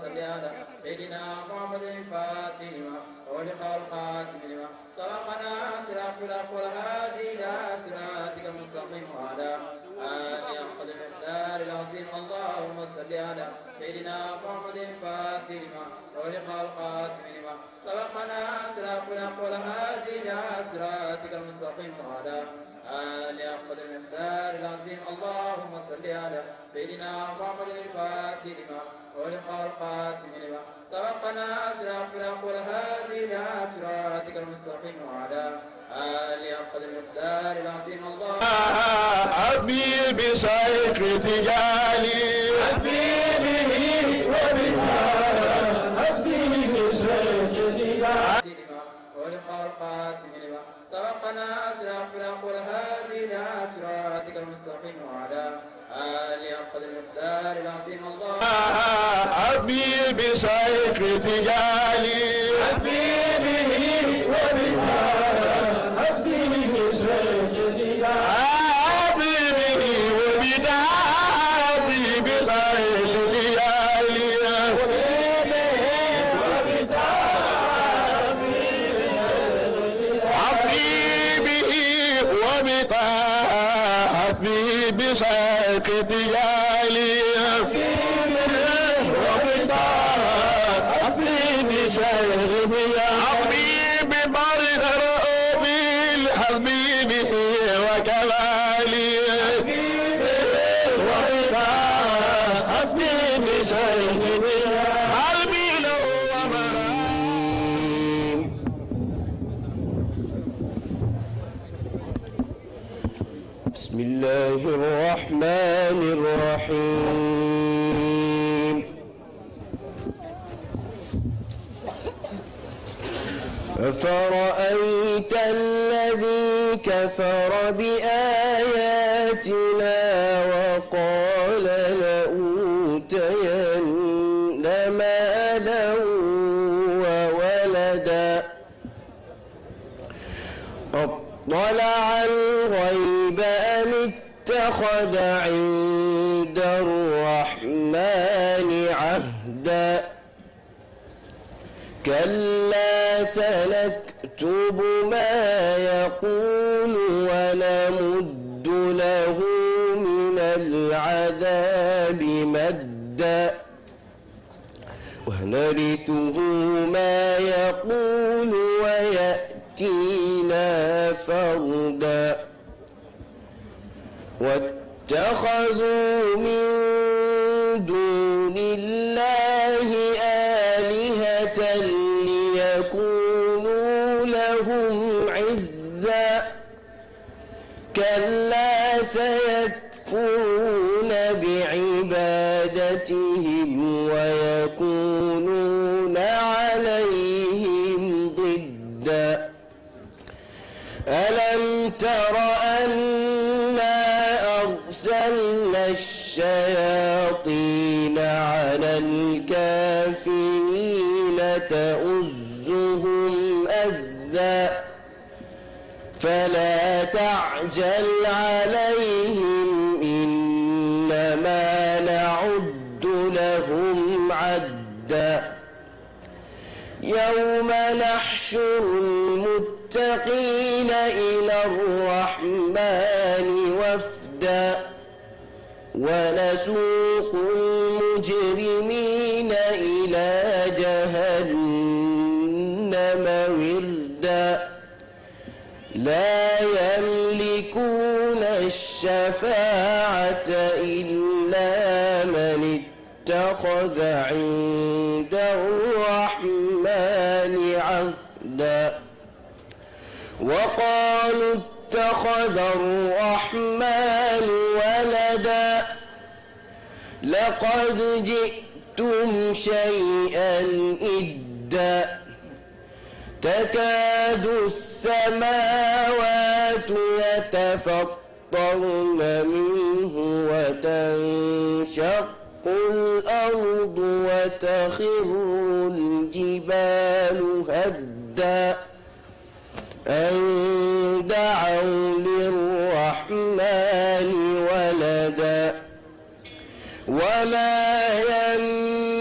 صل على سيدنا محمد الفاتح لما أغلق الخاتم لما سبقنا صراط الحق والهادي إلى صراطك المستقيم وعلى آل أحمد المقدار العظيم اللهم صل على سيدنا محمد فاتما خلق القاتم لما سبقنا سراقنا قول هادي لعسراتك المستقيم وعلى آل أخذ المقدار العظيم اللهم صل على سيدنا محمد فاتما خلق القاتم لما سبقنا سراقنا قول هادي لعسراتك المستقيم وعلى آل أخذ المقدار العظيم اللهم حبيبي شيخ تجالي ربنا أسرع فنقل هادنا صراطك المستقيم وعلى آل أقدر المقدار العظيم الله أبي بشيخ تجالي اتخذ عند الرحمن عهدا كلا سنكتب ما يقول ونمد له من العذاب مدا ونرثه ما يقول ويأتينا فردا واتخذوا من دون الله آلهة ليكونوا لهم عزا كلا سيكفرون بعبادتهم ويكونون عليهم ضدا ألم تر فلا تعجل عليهم إنما نعد لهم عدا يوم نحشر المتقين إلى الرحمن وفدا ونسوق المجرمين إلى جهنم لا يملكون الشفاعة إلا من اتخذ عند الرحمن عهدا وقالوا اتخذ الرحمن ولدا لقد جئتم شيئا إدا تكاد السماوات يتفطرن منه وتنشق الأرض وتخر الجبال هدا أن دعوا للرحمن ولدا ولا يملكون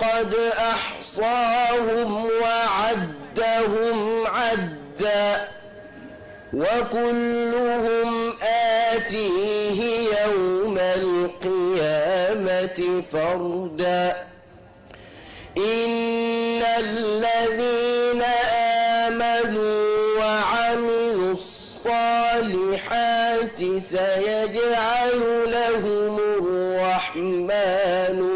لقد أحصاهم وعدهم عدا وكلهم آتيه يوم القيامة فردا إن الذين آمنوا وعملوا الصالحات سيجعل لهم الرحمن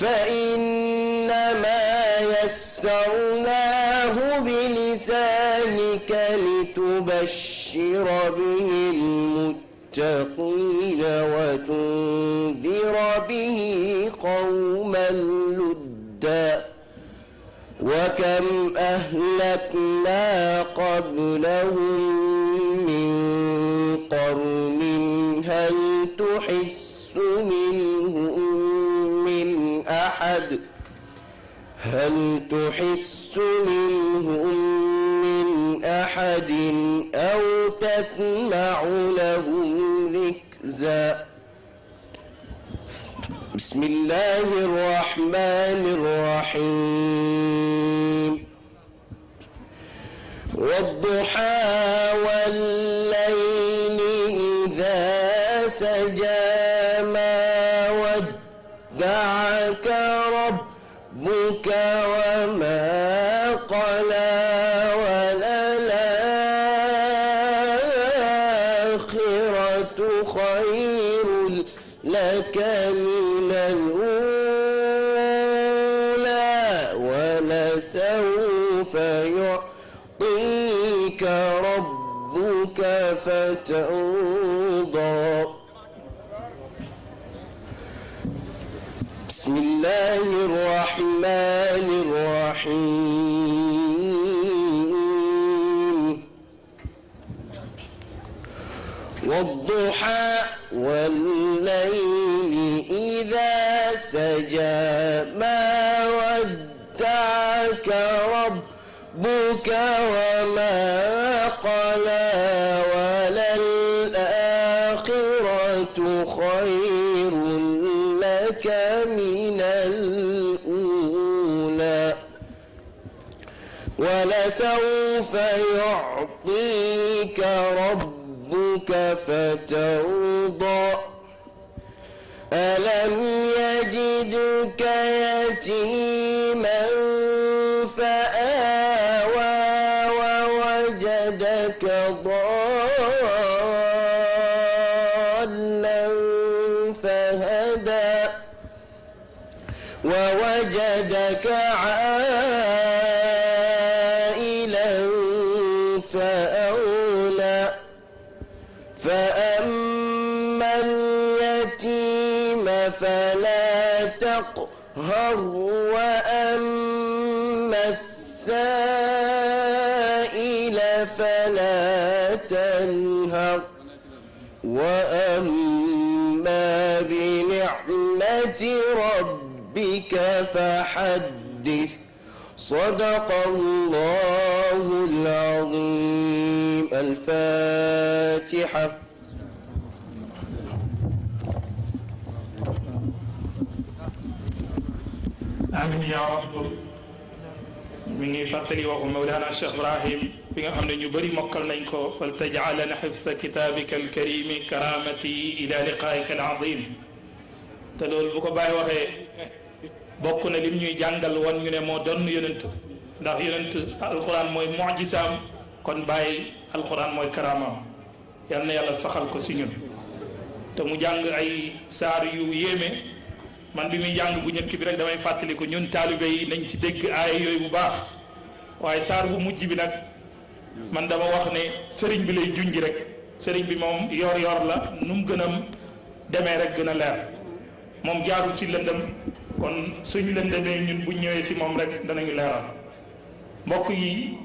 فإنما يسرناه بلسانك لتبشر به المتقين وتنذر به قوما لدا وكم أهلكنا قبلهم من قرن أحد هل تحس منهم من أحد أو تسمع لهم ركزا بسم الله الرحمن الرحيم والضحى والليل إذا سجى الله الرحمن الرحيم والضحى والليل إذا سجى ما ودعك ربك وما قلى ولسوف يعطيك ربك فترضى ألم يجدك يتيما فأ فلا تقهر وأما السائل فلا تنهر وأما بنعمة ربك فحدث صدق الله العظيم الفاتحة amin yaa rabbu mi ngi fàttali waxu mawlaana Cheikh Ibrahim bi nga xam ne ñu bëri mokkal nañ ko fal tajcalana xifsa kitaabika alkarimi karamati ila liqaayika alazim te loolu bu ko bàyyi waxee bokk na lim ñuy jàngal woon ñu ne moo doon yonent ndax yonent alquran mooy mujisaam kon bàyyi alquran mooy karaamaam yal na yàlla saxal ko si ñun te mu jàng ay saar yu yéeme man bi muy jàng bu njëkk bi rek damay fàttaliku ñun taalibe yi nañ ci dégg aay yooyu bu baax waaye saar bu mujj bi nag man dama wax ne sëriñ bi lay junj rek sëriñ bi moom yor-yor la nu mu gën a demee rek gën a leer moom jaarul si lëndëm kon suñu lëndëmee ñun bu ñëwee si moom rek danañu leeral mbokk yi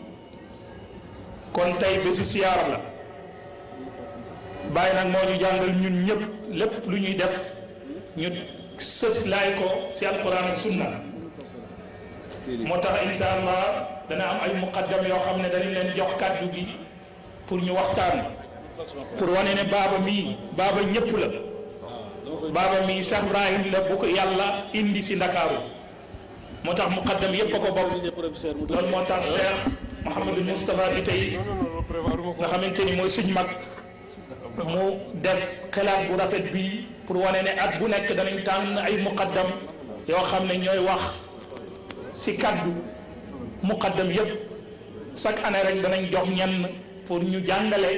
kon tey bésu siyaar la bàyyi nag moo ñu jàngal ñun ñëpp lépp lu ñuy def ñu. sës laay ko si alquran ak sunna moo tax insha allah dana am ay muqaddam yoo xam ne dañu leen jox kàddu gi pour ñu waxtaan pour wane ne baaba mii baaba ñëpp la baaba mii Cheikh Ibrahim la bu ko yàlla indi si ndakaaru moo tax muqaddam yépp a ko bopp loolu moo tax Cheikh Mouhamadou Moustapha bi tey nga xamante ni mooy suñ mag mu def xelaat bu rafet bii pour wane ne at bu nekk danañ tànn ay muqaddam yoo xam ne ñooy wax si kaddu muqaddam yépp chaque année rek danañ jox ngen pour ñu jàngale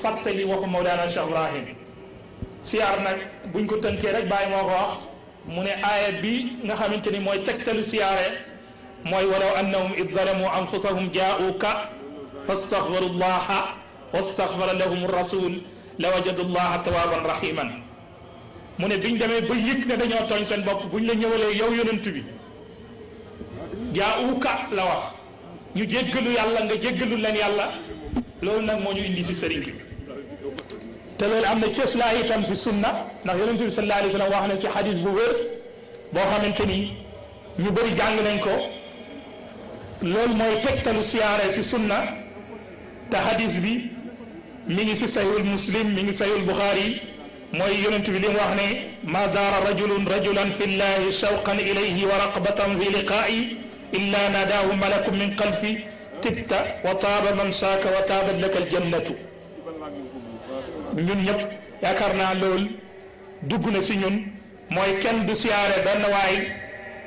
fàttali waxu Mawlana Cheikh Ibrahim siyaar nag buñ ko tënkee rek bàyyi moo ko wax mu ne aaya bi nga xamante ni mooy tegtalu siyaare mooy walaw annahum id zalamu anfusahum jaa'uka fastaxfaru llaha wastaxfara lahum rasul la wajadu llaha tawaban rahiman mu ne biñ demee ba yëg ne dañoo tooñ seen bopp bu ñu la ñëwalee yow yonent bi jaa uuka la wax ñu jéggalu yàlla nga jéggalu leen yàlla loolu nag moo ñu indi si sëriñ bi te loolu am na cës laa itam si sunna ndax yonent bi sallallahu alayhi wa sallam wax na si xadis bu wér boo xamante ni ñu bari jàng nañ ko loolu mooy tegtalu siyaare si sunna te xadis bi mi ngi si sayul muslim mi ngi sayul buxaari mooy yonent bi li mu wax ne ma daara rajulun rajulan fi llahi shawqan ilayhi wa raqbatan fi liqaa'i illa nadaahu malakun min xalfi tibta wa taaba man saaka wa taabat laka aljannatu ñun yaakaar naa lool dugg na si ñun mooy kenn du siyaare benn waay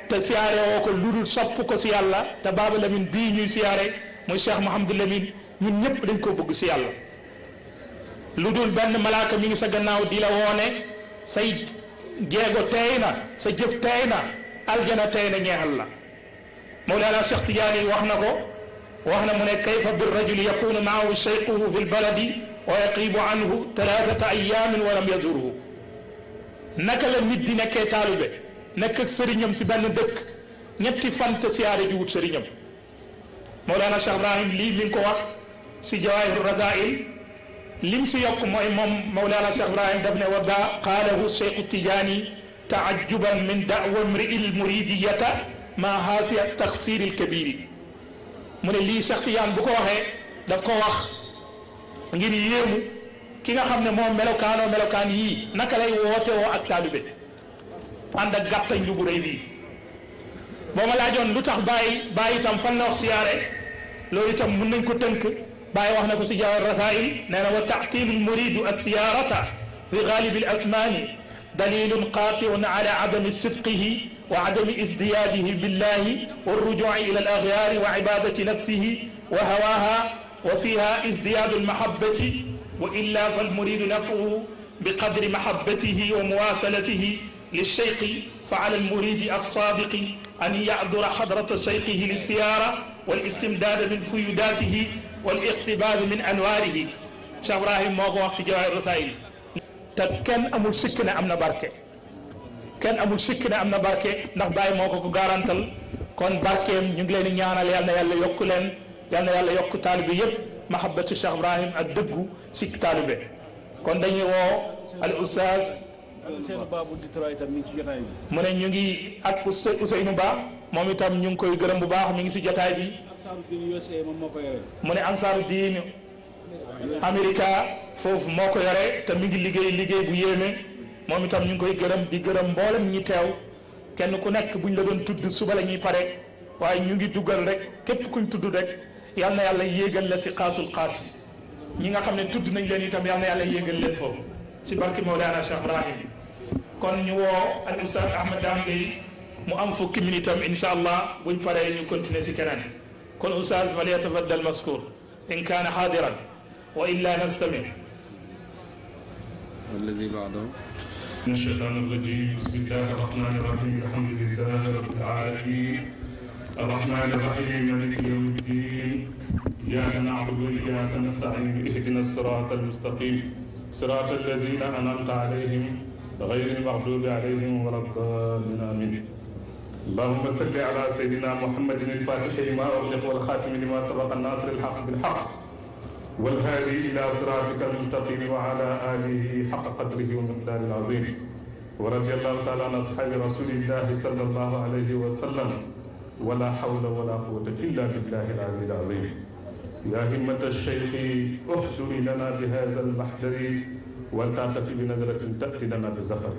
te siyaare woo ko ludul sopp si yàlla te Baaba Lamin bii ñuy siyaare muy Cheikh Mouhamadou Lamin ñun ñëpp dañ koo bëgg si yàlla lu dul benn malaaka mi ngi sa gannaaw di la woone say jéego teey na sa jëf teey na aljana teey na ñeexal la na ko wax na mu ne kayfa bir rajuli yakunu maahu sheyquhu fi lbaladi wa yaqibu anhu talaatata ayaamin wa lam naka la nit di nekkee taalibe nekk si benn dëkk ñetti fan te siyaare ji wut sëriñam Mawlana Cheikh Ibrahim lii wax si Jawaahir Rasaa'il lim si yokk mooy moom Mawlana Cheikh Ibrahim daf ne wa daa qaalahu Cheikhu Tijaani taajuban min daawa mriil muridiyata ma haasiya taxsiir il kabiri mu ne lii Cheikh Tijaan bu ko waxee daf ko wax ngir yéemu ki nga xam ne moom melokaanoo melokaan yii naka lay woote woo ak taalibe ànd ak gàttañ lu bu rëy bii boo ma laajoon lu tax bàyyi bàyyi wax siyaare loolu itam mun nañ ko tënk bàyyi wax na ko si jaawar rasail nee na wa taxtilu lmuridu alsiyaarata fi gaalibi alasmaani dalilun qatiun ala adami sidqihi wa adami isdiyaadihi billahi walrujuci ila alagyaari wa cibadati nafsihi wa hawaaha wa fiha isdiyaadu almahabati wa illa falmuridu nafsuhu biqadri mahabatihi wa muwasalatihi lilcheyqi fa ala almuridi alsaadiqi an yacdura xadrata cheyqihi lisiyaara walistimdaada min fuyudaatihi wal iqtibaadu min anwaarihi Cheikh Ibrahim moo ko wax fi jawaahir rasaa'il te kenn amul sikk am na barke kenn amul sikk am na barke ndax Baye moo ko ko garantal kon barkeem ñu ngi leen di ñaanal yal na yokk leen yal yàlla yokk taalibe yëpp mahabbatu Cheikh Ibrahim ak dëggu sikk taalibe kon dañuy woo al oustaz mu ne ñu ngi ak Ousseynou Ba moom itam ñu ngi koy gërëm bu baax mi ngi si jotaay bi mu ne ansaaru diin Amerika foofu moo ko yore te mi ngi liggéey liggéey bu yéeme moom itam ñu ngi koy gërëm di gërëm mboolem ñi teew kenn ku nekk buñ la doon tudd suba la ñuy pare waaye ñu ngi dugal rek képp ku kuñ tudd rek yal na yàlla yéegal la si xaasul xaas ñi nga xam ne tudd nañ leen itam tam na yàlla yéegal leen foofu si barki Mawlana Cheikh Ibrahim kon ñu woo al ustaz Ahmad Dame Gueye mu am fukki minutes am incha allah buñ paree ñu continuer si keneen. kon oustaz fal yatafaddal maskur in kaana xaadiran wa illa nastamir والذي بعده من الشيطان الرجيم بسم الله الرحمن الرحيم الحمد لله رب العالمين الرحمن الرحيم مالك يوم الدين اياك نعبد واياك نستعين اهدنا الصراط المستقيم صراط الذين انعمت عليهم غير المغضوب عليهم ولا الضالين امين اللهم صل على سيدنا محمد الفاتح لما أغلق والخاتم لما سبق الناصر الحق بالحق والهادي إلى صراطك المستقيم وعلى آله حق قدره ومقداره العظيم ورضي الله تعالى عن أصحاب رسول الله صلى الله عليه وسلم ولا حول ولا قوة إلا بالله العلي العظيم يا همة الشيخ احضري لنا بهذا المحضر ولتعتفي بنظرة تأتي لنا بزفر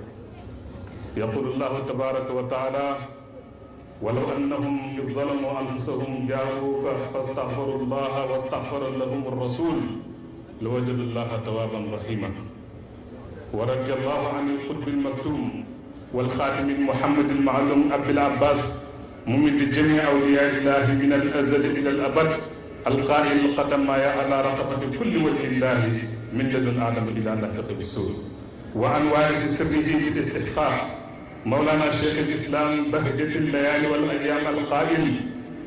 يقول الله تبارك وتعالى walaw annahum iz zalamu anfusahum jaa'uuka fastaxfaru llaha wa staxfara lahum rasul la wajadu llaha tawaaban rahima wa raja llahu an ilqutbi almaktum walxaatimi muhammadi almaalum abil abbas mumidi jami awliyaa illahi min al azali ila al abad alqaa'il qadamaaya ala raqabati kulli wajhi illahi min ladun aadama ila nafiqi bi suur wa an waarisi sirrihi bil istixqaaq مولانا شيخ الإسلام بهجة الليالي والأيام القائم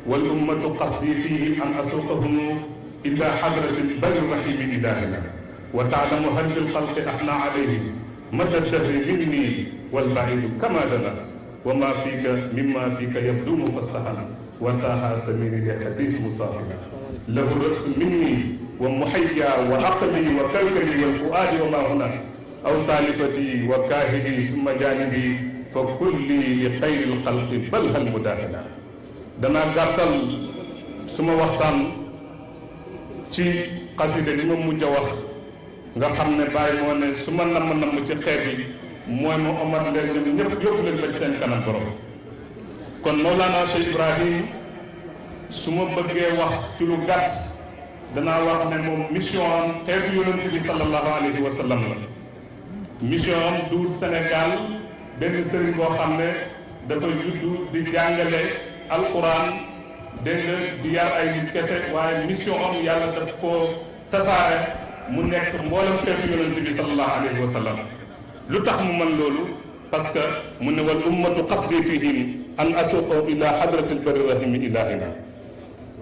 والأمة قصدي فيه أن أسوقهم إلى حضرة البر الرحيم إلهنا وتعلم هل في الخلق أحنا عليه مدى الدهر مني والبعيد كما دنا وما فيك مما فيك يبدون فاستهنا وانتهى سميني لحديث مسافر له رأس مني ومحيا وعقلي وكلكلي والفؤاد وما هناك أو سالفتي وكاهدي ثم جانبي fa kulli li xayril xalqi bal hal mudaahina danaa gàttal suma waxtaan ci xasida li ma mujj a wax nga xam ne bàyyi moo ne su ma namm namm ci xeet yi mooy ma omat leen ñoom ñëpp yóbbu leen ba seen kanam borom kon Mawlana Cheikh Ibrahim su ma bëggee wax ci lu gàtt danaa wax ne moom mission am xeetu yonent bi sallallahu alayhi wa la mission am duul benn sëriñ boo xam ne dafa juddu di jàngale alquran dégg nga di yar ay nit kese waaye mission am yàlla daf koo tasaare mu nekk mboolem xeetu yonente bi sallallahu alayhi wa sallam lu tax mu man loolu parce que mu ne wal ummatu qasdi fihim an asuqo ila hadratil bari rahimi ilahina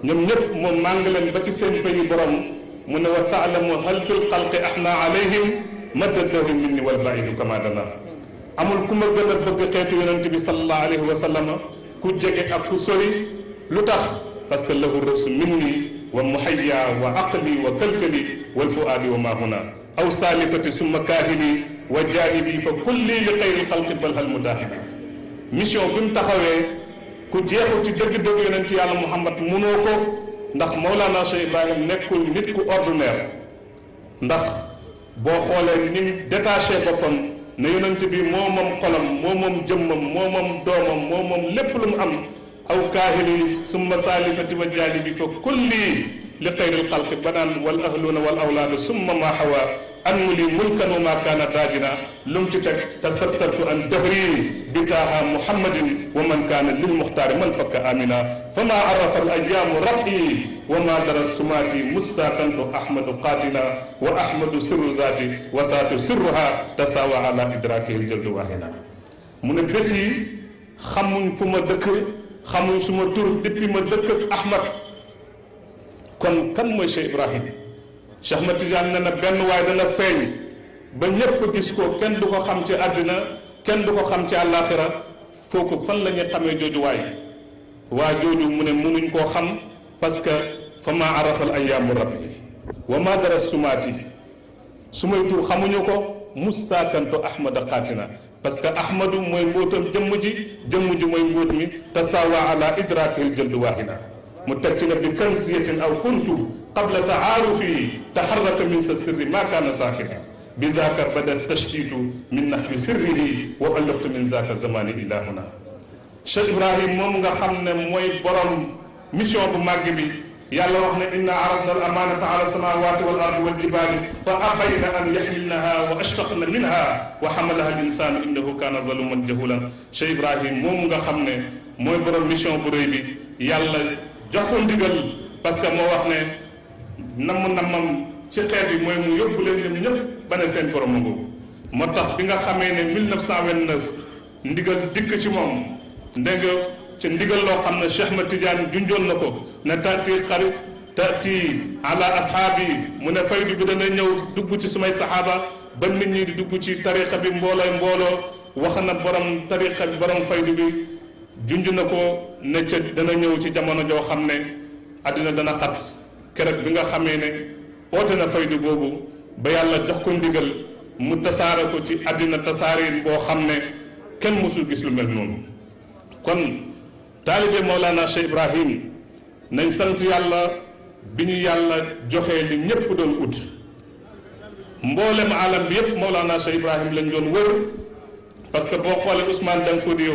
ñoom ñëpp moom màngaleen ba ci seen pays borom mu ne wa taalamu hal fil xalqi ahna alayhim madadahum minni wal baidu kama dana amul ku ma gën a bëgg xeetu yonent bi sallallahu wa sallam ku jege ak ku sori lu tax parce que lahu rësu minni wa muhayya wa aqli wa kalkali wal fuaadi wa mahuna aw saalifati summa kaahili wa jaahibi fa kulli li xayri xalqi bal hal mudaahibi mission bi mu taxawee ku jeexu ci dëgg-dëgg yonent yàlla Muhammad munoo ko ndax Mawlana Cheikh Ibrahim nekkul nit ku ordinaire ndax boo xoolee ni mu boppam ne yonent bi moo moom xolam moo moom jëmmam moo moom doomam moo moom lépp lu mu am aw kaahili summa saalifati wa jaanibi fa kulli li xayril xalqi banaan wal ahluuna wal awlaadu summa maa xawa anmu li mulkan wa maa kaana daajina lu mu ci teg tasattartu an dahri bi taaha muhammadin wa man kaana lil muxtaari man fakka amina fa maa arafa al ayaamu rabbi وما درت سماتي مستاقنت أحمد قاتلا وأحمد سر ذاتي وسات سرها تساوى على إدراكه الجلد واهنا mu ne bés yi xamuñ fu ma dëkk xamuñ su ma tur depuis ma dëkk ak Ahmad kan mooy Cheikh Ibrahim Cheikh Ahmad Tidiane ne na benn waaye dana feeñ ba ñépp gis ko kenn du ko xam ci àddina kenn du ko xam ci àllaaxira foofu fan la ñuy xamee waa jooju mu ne koo xam parce fa maa arafal ayaamu rabbi wa maa dara sumaati su may tur xamuñu ko mustaakantu ahmada xaatina parce que ahmadu mooy mbóotam jëmm ji jëmm ji mooy mbóot mi tasaawa ala idrakil jëld waahida mu teg ci ne bi kanziyatin aw kuntu qabla taarufi taharraka min sa sirri maa kaana saakina bi zaaka bada tashtiitu min nahwi sirrihi wa allaqtu min zaaka zamani ilahuna Cheikh Ibrahim moom nga xam ne mooy borom mission bu màgg bi yàlla wax ne inna aradna al amanata ala samawati wal ardi wal jibali fa abayna an yaxmilnaha wa ashtaqna minha wa xamalaha al insanu innahu kana zaluman jahulan Cheikh Ibrahim moomu nga xam ne mooy borom mission bu rëy bi yàlla jox ko ndigal parce que moo wax ne namm nammam ci xeet bi mooy mu yóbbu leen ñoom ñëpp ba ne seen borom ngoogu moo tax bi nga xamee ne 1929 ndigal dikk ci moom ndégg ca ndigal loo xam ne Cheikh Ahmed Tidiane junjoon na ko na taati xarit taati ala asxaabi mu ne faydu bi dana ñëw dugg ci sumay saxaaba ba nit ñi di dugg ci tariqa bi mboolooy mbooloo wax na borom tariqa bi borom faydu bi junj na ko ne ca dana ñëw ci jamono joo xam ne àddina dana xat keret bi nga xamee ne oote na faydu boobu ba yàlla jox ko ndigal mu tasaare ko ci àddina tasaare boo xam ne kenn mësul gis lu mel noonu kon taalibe Mawlana Cheikh Ibrahim nañ sant yàlla bi ñu yàlla joxee li ñépp doon ut mboolem alam bi yépp Mawlana Cheikh Ibrahim lañ doon wër parce que boo xoolee Ousmane Dan Fodio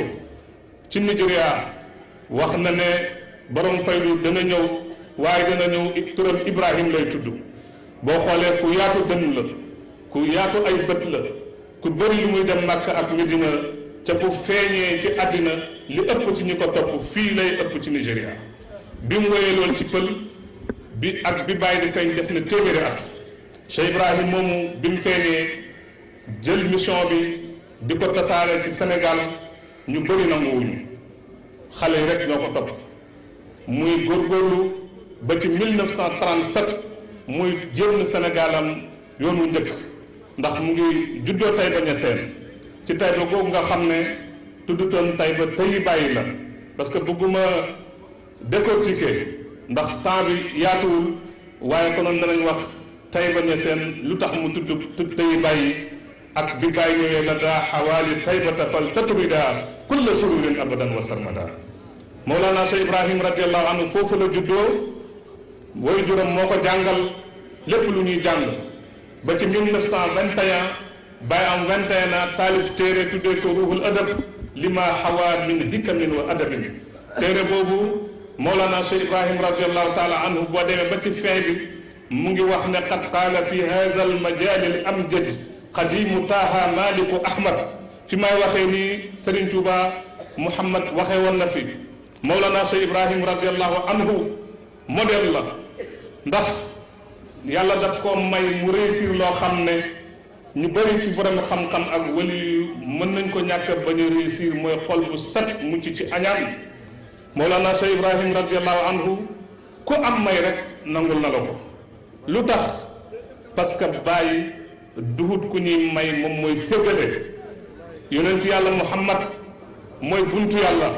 ci Nigeria wax na ne borom faylu dana ñëw waaye dana ñëw turam Ibrahim lay tudd boo xoolee ku yaatu dënn la ku yaatu ay bët la ku bëri lu muy dem Màkka ak Medina ca bu feeñee ci àddina li ëpp ci ñu ko topp fii lay ëpp ci Nigéria bi mu woyee loolu ci pël bi ak bi bàyyi di feeñ def na téeméeri at Cheikh Ibrahim moomu bi mu feeñee jël mission bi di ko tasaare ci senegal ñu bëri nanguwuñu xale yi rek ñoo ko topp muy góorgóorlu ba ci 1937 muy génn Sénégalam yoonu njëkk ndax mu ngi juddoo Taïba Niassène ci Taïba googu nga xam ne tuddutoon tay ba tey bàyyi la parce que bëgguma décortiquer ndax temps bi yaatuwul waaye konoon danañ wax tay ba ñeseen lu tax mu tudd tudd tey bàyyi ak bi bàyyi ñëwee la daa xawaali tay ba tafal tatrida kulla sururin abadan wa sarmada Mawlana Ibrahim radiallahu foofu la juddoo woy juróom moo ko jàngal lépp lu ñuy jàng ba ci 1921 bàyyi am 21 ans taalif téere tuddee ko lima xawaa min hikamin wa adabin téere boobu Mawlana Cheikh Ibrahim radiallahu taala anhu boo demee ba ci fin bi mu ngi wax ne qad qaala fi hada al majaali l amjad qadimu taaha maliku ahmad fi may waxee nii Serigne Touba Mouhamad waxee woon na fi Mawlana Cheikh Ibrahim radiallahu anhu modèle la ndax yàlla daf ko may mu réussir loo xam ne ñu bëri ci borom xam-xam ak wali mën nañ ko ñàkk bañ a réussir mooy xol bu set mucc ci añaan Mawlana Cheikh Ibrahim radiallahu anhu ku am may rek nangul na la ko lu tax parce que bàyyi duhut ku ñuy may moom mooy séddale yonent yàlla Muhammad mooy buntu yàlla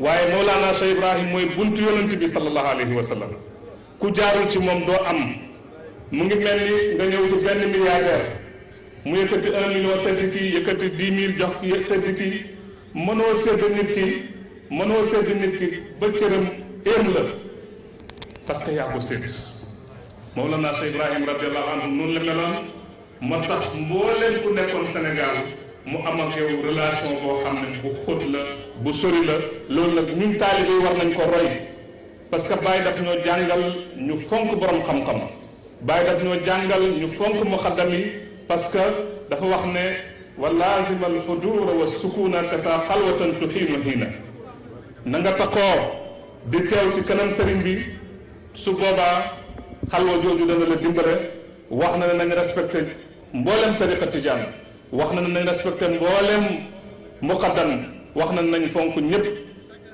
waaye Mawlana Cheikh Ibrahim mooy bunt yonent bi sallallahu alayhi wa sallam ku jaarul ci moom doo am mu ngi mel ni nga ñëw ci benn milliardaire mu yëkkati li million sedd kii yëkkati dix mille jox sedd kii mënoo sedd nit ki mënoo sedd nit ki ba cëram éem la parce que yaa ko sedd Mawlana Cheikh Ibrahim radiallahu anhu noonu la meloon moo tax mbooleen ku nekkoon Sénégal mu am ak yow relation xam ne bu xóot la bu sori la loolu nag ñu taalibe war nañ ko roy parce que Baye daf ñoo jàngal ñu fonk borom xam-xam Baye daf ñoo jàngal ñu fonk muxaddam yi parce que dafa wax ne wa laazima al hudura wa sukuna kasa xalwatan tuxiinu xiina na nga taxoo di teew ci kanam sëriñ bi su boobaa xalwa jooju dana la dimbale wax na ne nañ respecté mboolem tariqa tijaan wax na ne nañ respecté mboolem muqaddam wax na nañ fonk ñëpp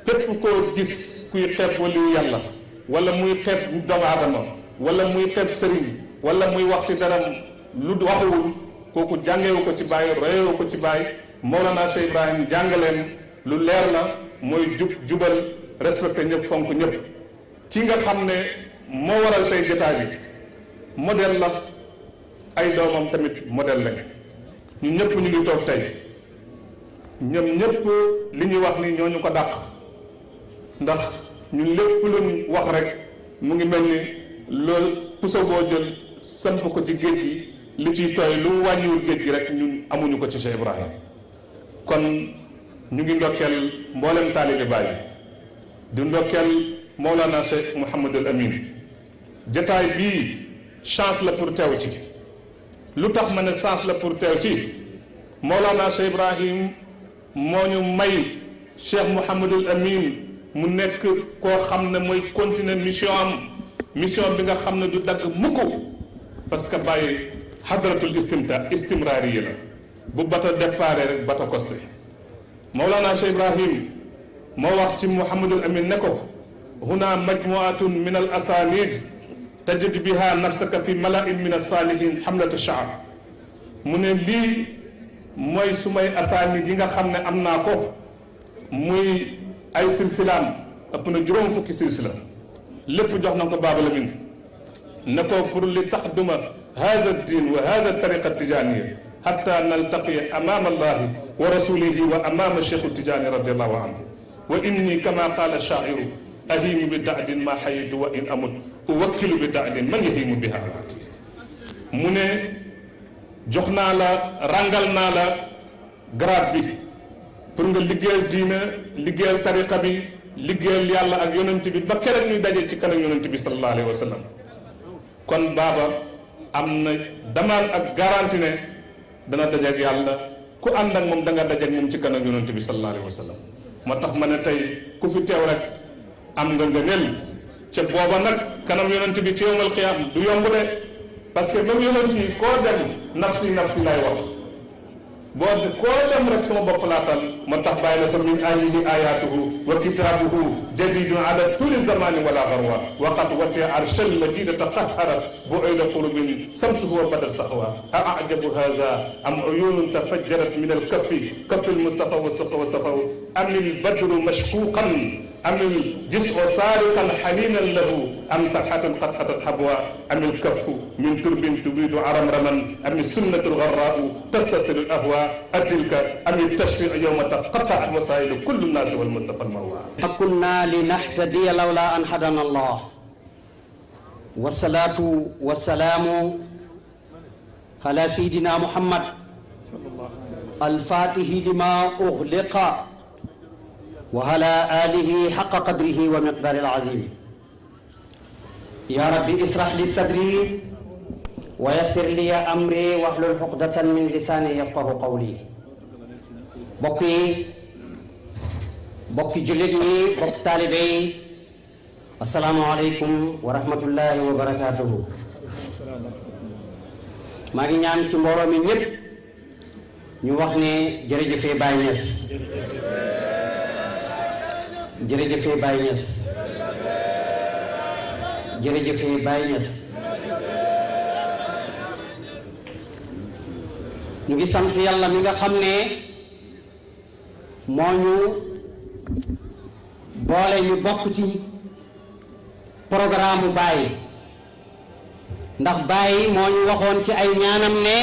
képp ko gis kuy xeeb waliyu yàlla wala muy xeeb doomu aadama wala muy xeeb sëriñ wala muy wax ci daram lu waxuwul kooku jàngewu ko ci bàyyi royewu ko ci bàyyi Mawlana Cheikh Ibrahim jàngaleen lu leer la mooy jub jubal respecté ñëpp fonk ñëpp ci nga xam ne moo waral tey jotaay bi modèle la ay doomam tamit model lañ ñu ñëpp ñu ngi toog tey ñoom ñëpp li ñuy wax ni ñoo ñu ko dàq ndax ñu lépp luñ wax rek mu ngi mel ni lool puso boo jël samp ko ci géej yi li ci tooy lu mu wàññiwul géej gi rek ñu amuñu ko ci Cheikh Ibrahim kon ñu ngi ndokkeel mboolem taalibe baay di ndokkeel Mawlana Cheikh Mouhamadul Amin jataay bii chance la pour teew ci lu tax ma ne chance la pour teew ci Mawlana Cheikh Ibrahim moo ñu may Cheikh Mouhamadul Amin mu nekk koo xam ne mooy continuer mission am mission bi nga xam ne du dagg mukk parce que bàyyi xadratul istimta istimraari yi la bu bata déparé rek bata costé Mawlana Cheikh Ibrahim moo wax ci Mouhamadul Amin ne ko huna majmuatun min al asanid tajid biha nafsaka fi malain min asalihin xamlata shaar mu ne lii mooy su may asanid yi nga xam ne am naa ko muy ay silsilaam ëpp na juróom fukki silsila lépp jox na ko Baaba Lamin ne ko pour li tax duma هذا الدين وهذا الطريقة التجانية حتى نلتقي أمام الله ورسوله وأمام الشيخ التجاني رضي الله عنه وإني كما قال الشاعر أهيم بدعد ما حييت وإن أمت أوكل بدعد من يهيم بها mu ne jox naa la ràngal naa la grade bi pour nga liggéeyal diina liggéeyal tariqa bi liggéeyal yàlla ak yonent bi ba keroog ñuy daje ci kanam yonent bi sallallahu alayhi wa sallam kon baaba am na damaal ak garanti ne dana dajeeg yàlla ku ànd ak moom da nga dajeeg moom ci kanam yonent bi sallallahu alayhi wa moo tax ma ne tey ku fi teew rek am nga ngëneel ca booba nag kanam yonent bi ci yowmal qiyaam du yomb de parce que même yonent yi koo dem nafsi nafsi lay wax boo de koo dem rek sama bopp laa tal moo tax bàyyi na fa min ayini ayatuhu wa kitaabuhu jadidun ala tuli zamani wala garwa waqad wati arshan majidata qahharat bu ayna qulubin samsuhu wa badal saxwa a ajabu haza am uyunun tafajjarat min alkafi kafi almustafa wa safa wa safa am albadru mashkuqan أم جزء سارقا حنينا له أم صفحة قد أتت حبوا أم الكف من ترب تبيد عرمرما أم السنة الغراء تستصل الأهواء أتلك أم التشفيع يوم تقطعت وسائل كل الناس والمصطفى الموعى كنا لنهتدي لولا أن هدانا الله والصلاة والسلام على سيدنا محمد الفاتح لما أغلق وعلى آله حق قدره ومقدار العظيم يا رب اشرح لي صدري ويسر لي أمري واحلل عقدة من لساني يفقه قولي بقي بقي جلدني بقي طالبي السلام عليكم ورحمة الله وبركاته maa ngi ñaan ci mbooloo mi ñëpp ñu wax ne jërëjëfee Baye Niass jërëjëfee Baye Niass jërëjëfee Baye Niass ñu ngi sant yàlla mi nga xam ne moo ñu boole ñu bokk ci programme Baye ndax Baye moo ñu waxoon ci ay ñaanam ne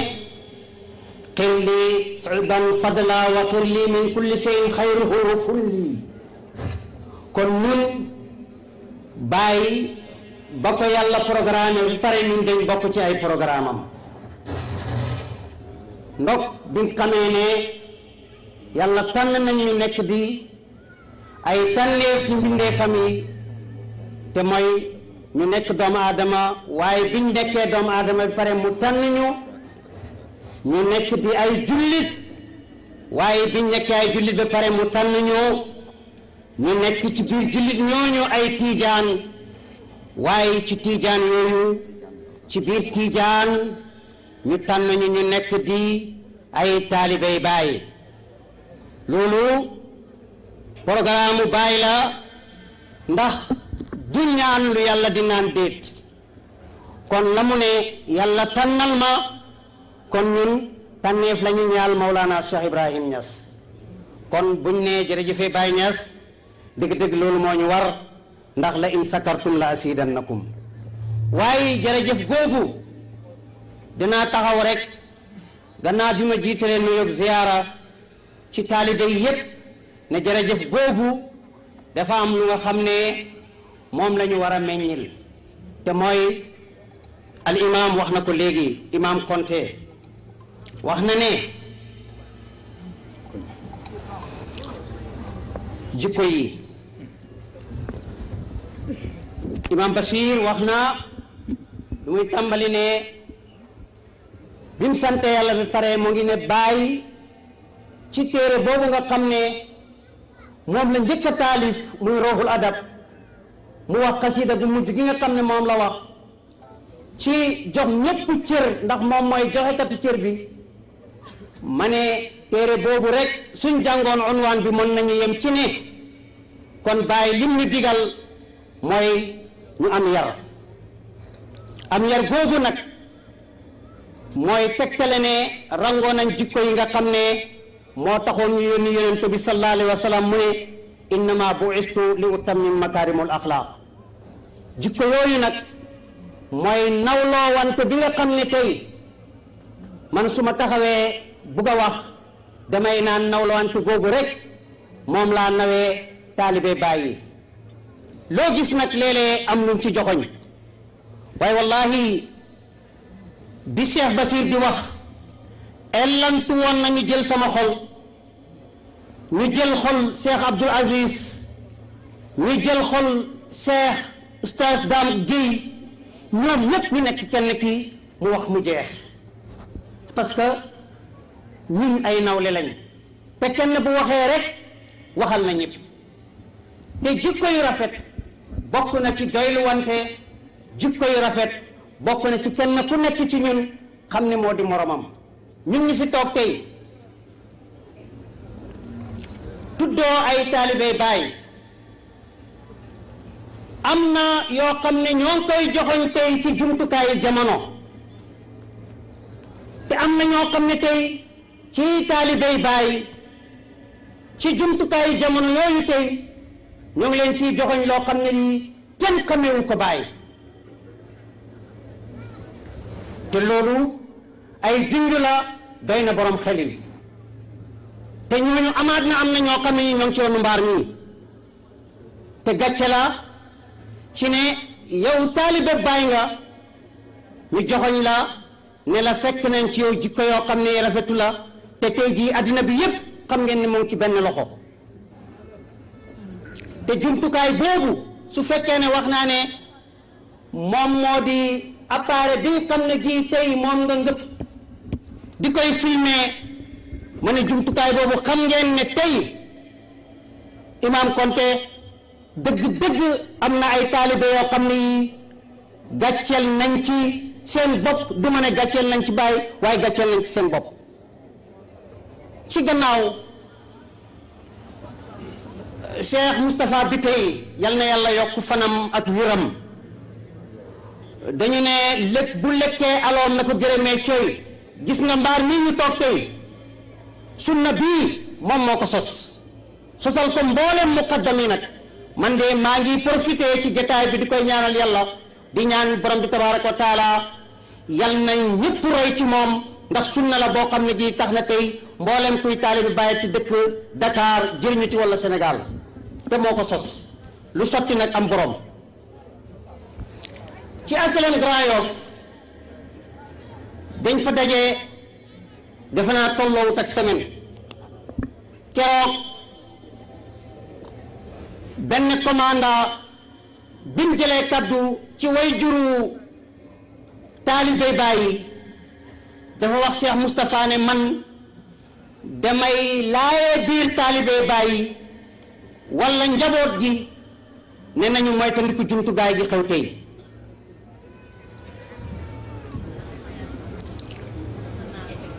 qil li suban fadla wa tur li min kulli shay'in xayruhu kulli kon ñun bàyyi ba ko yàlla programme bi pare ñun dañ bokk ci ay programme am ndok biñ xamee ne yàlla tànn nañu nekk di ay tànneef ci mbindeefam yi te mooy ñu nekk doomu aadama waaye biñ nekkee doomu aadama bi pare mu tànn ñu ñu nekk di ay jullit waaye biñ nekkee ay jullit ba pare mu tànn ñu ñu nekk ci biir jullit ñooñu ay tiijaan waaye ci tiijaan yooyu ci biir tiijaan ñu tànn ñu ñu nekk di ay taalibey baay loolu programme baay la ndax du ñaan lu yàlla di naan déet kon la ne yàlla tànnal ma kon ñun tànneef lañu ñu ñaal Mawlana Cheikh Ibrahim Niass kon buñ ne jërëjëfe Baay Niass dëgg-dëgg loolu moo ñu war ndax la in sakartum la asidannakum waaye jërëjëf googu dinaa taxaw rek gannaaw bi ma jiitalee nu yóbbu ziyaara ci taalibe yi yépp ne jërëjëf googu dafa am lu nga xam ne moom lañu war a meññil te mooy al wax na ko léegi imaam Konté wax na ne jikko yi imam Bachir wax na muy tàmbali ne bi mu sante yàlla bi pare mu ngi ne bàyyi ci téere boobu nga xam ne moom la njëkk a taalif muy roxul adab mu wax xasida bu mujj gi nga xam ne moom la wax ci jox ñépp cër ndax moom mooy joxekatu cër bi ma ne téere boobu rek suñ jàngoon unwaan bi mën nañu yem ci ne kon bàyyi lim ñu digal mooy ñu am yar am yar googu nag mooy tegtale ne rangoo nañ jikko yi nga xam ne moo taxoon ñu yónni yonent bi sallallahu alayhi wa sallam mu ne innama bu'istu li utammim makaarimul axlaaq jikko yooyu nag mooy nawloo wante bi nga xam ne tey man su ma taxawee bugg a wax damay naan nawloo wante googu rek moom laa nawee taalibe bàyyi loo gis nag léeg-léeg am lu ci joxoñ waaye wallahi bi Cheikh Basir di wax ellantu woon nañu jël sama xol ñu jël xol Cheikh Abdoul Aziz ñu jël xol Cheikh Oustaz Dame Guèye ñoom ñépp ñu nekk kenn ki mu wax mu jeex parce que ñun ay nawle lañ te kenn bu waxee rek waxal na ñëpp te jikko yu rafet bokk na ci doylu wante jikko yu rafet bokk na ci kenn ku nekk ci ñun xam ne moo di moromam ñun ñu fi toog tey tuddoo ay taalibe baay am na yoo xam ne ñoo ngi koy joxoñ tey ci jumtukaayu jamono te am na ñoo xam ne tey ci taalibey baay ci jumtukaayu jamono yooyu tey ñoo ngi leen ciy joxoñ loo xam ne lii kenn xamewu ko bàyyi te loolu ay junj la doy na borom xel yi te ñooñu amaat na am na ñoo xam ne ñi ñoo ci yoonu mbaar mii te gàcce la ci ne yow taalibe bàyyi nga ñu joxoñ la ne la fekk nañ ci yow jikko yoo xam ne rafetu la te tey jii addina bi yépp xam ngeen ne moom ci benn loxo te jumtukaay boobu su fekkee ne wax naa ne moom moo di appareil bi nga xam ne gii tey moom nga ngëpp di koy filmer ma ne jumtukaay boobu xam ngeen ne tey Imam Konté dëgg-dëgg am na ay taalibe yoo xam ne yi gàcceel nañ ci seen bopp du ma ne gàcceel nañ ci bàyyi waaye gàcceel nañ ci seen bopp ci gannaaw Cheikh Moustapha Biteye yal na yàlla yokk fanam ak wéram dañu ne lekk bu lekkee aloom na ko gërëmee cooy gis nga mbaar mii ñu toog tey sunna bii moom moo ko sos sosal ko mboolem muqaddam yi nag man de maa ngi profité ci jataay bi di koy ñaanal yàlla di ñaan borom bi tabaaraka wa taala yal nañ ñëpp roy ci moom ndax sunna la boo xam ne ji tax na tey mboolem kuy taalibi bàyyi ci dëkk Dakar jëriñu ci walla senegal te moo ko sos lu sotti nag am borom ci HLM Grand Yoff dañ fa daje defe naa tolloowut ak semaine keroog benn commandant bi mu jëlee kaddu ci way juru taalibey bàyyi dafa wax Cheikh Moustapha ne man damay laayee biir taalibey bàyyi wala njaboot gi ne nañu moytandiku jumtukaay ji xew tey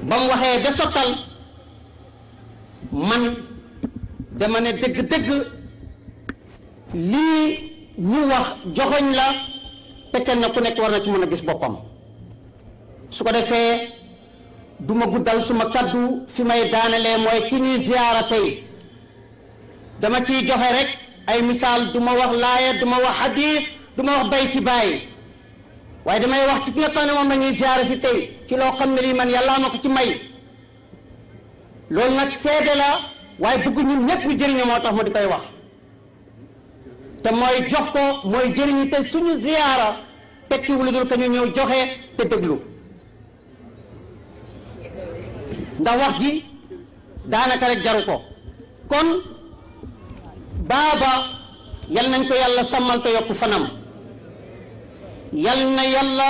ba mu waxee ba sottal man dama ne dëgg-dëgg lii ñu wax joxoñ la te na ku nekk war na ci mën a gis boppam su ko defee duma guddal suma kaddu fi may daanalee mooy ki ñuy ziyaara tey dama ciy joxe rek ay misaal du ma wax laaya du ma wax hadis du wax bay ci bàyyi waaye damay wax ci ki nga xam ne moom la ñuy si tey ci loo xam ne lii man yàllaa ma ko ci may loolu nag seede la waaye bëgg ñun ñëpp ñu jëriñu moo tax ma di koy wax te mooy jox ko mooy jëriñu te suñu ziyaara tekkiwu lu dul que ñu ñëw joxe te déglu ndax wax ji daanaka rek jaru ko kon baaba yal nañ ko yàlla sàmmal te yokk fanam yal na yàlla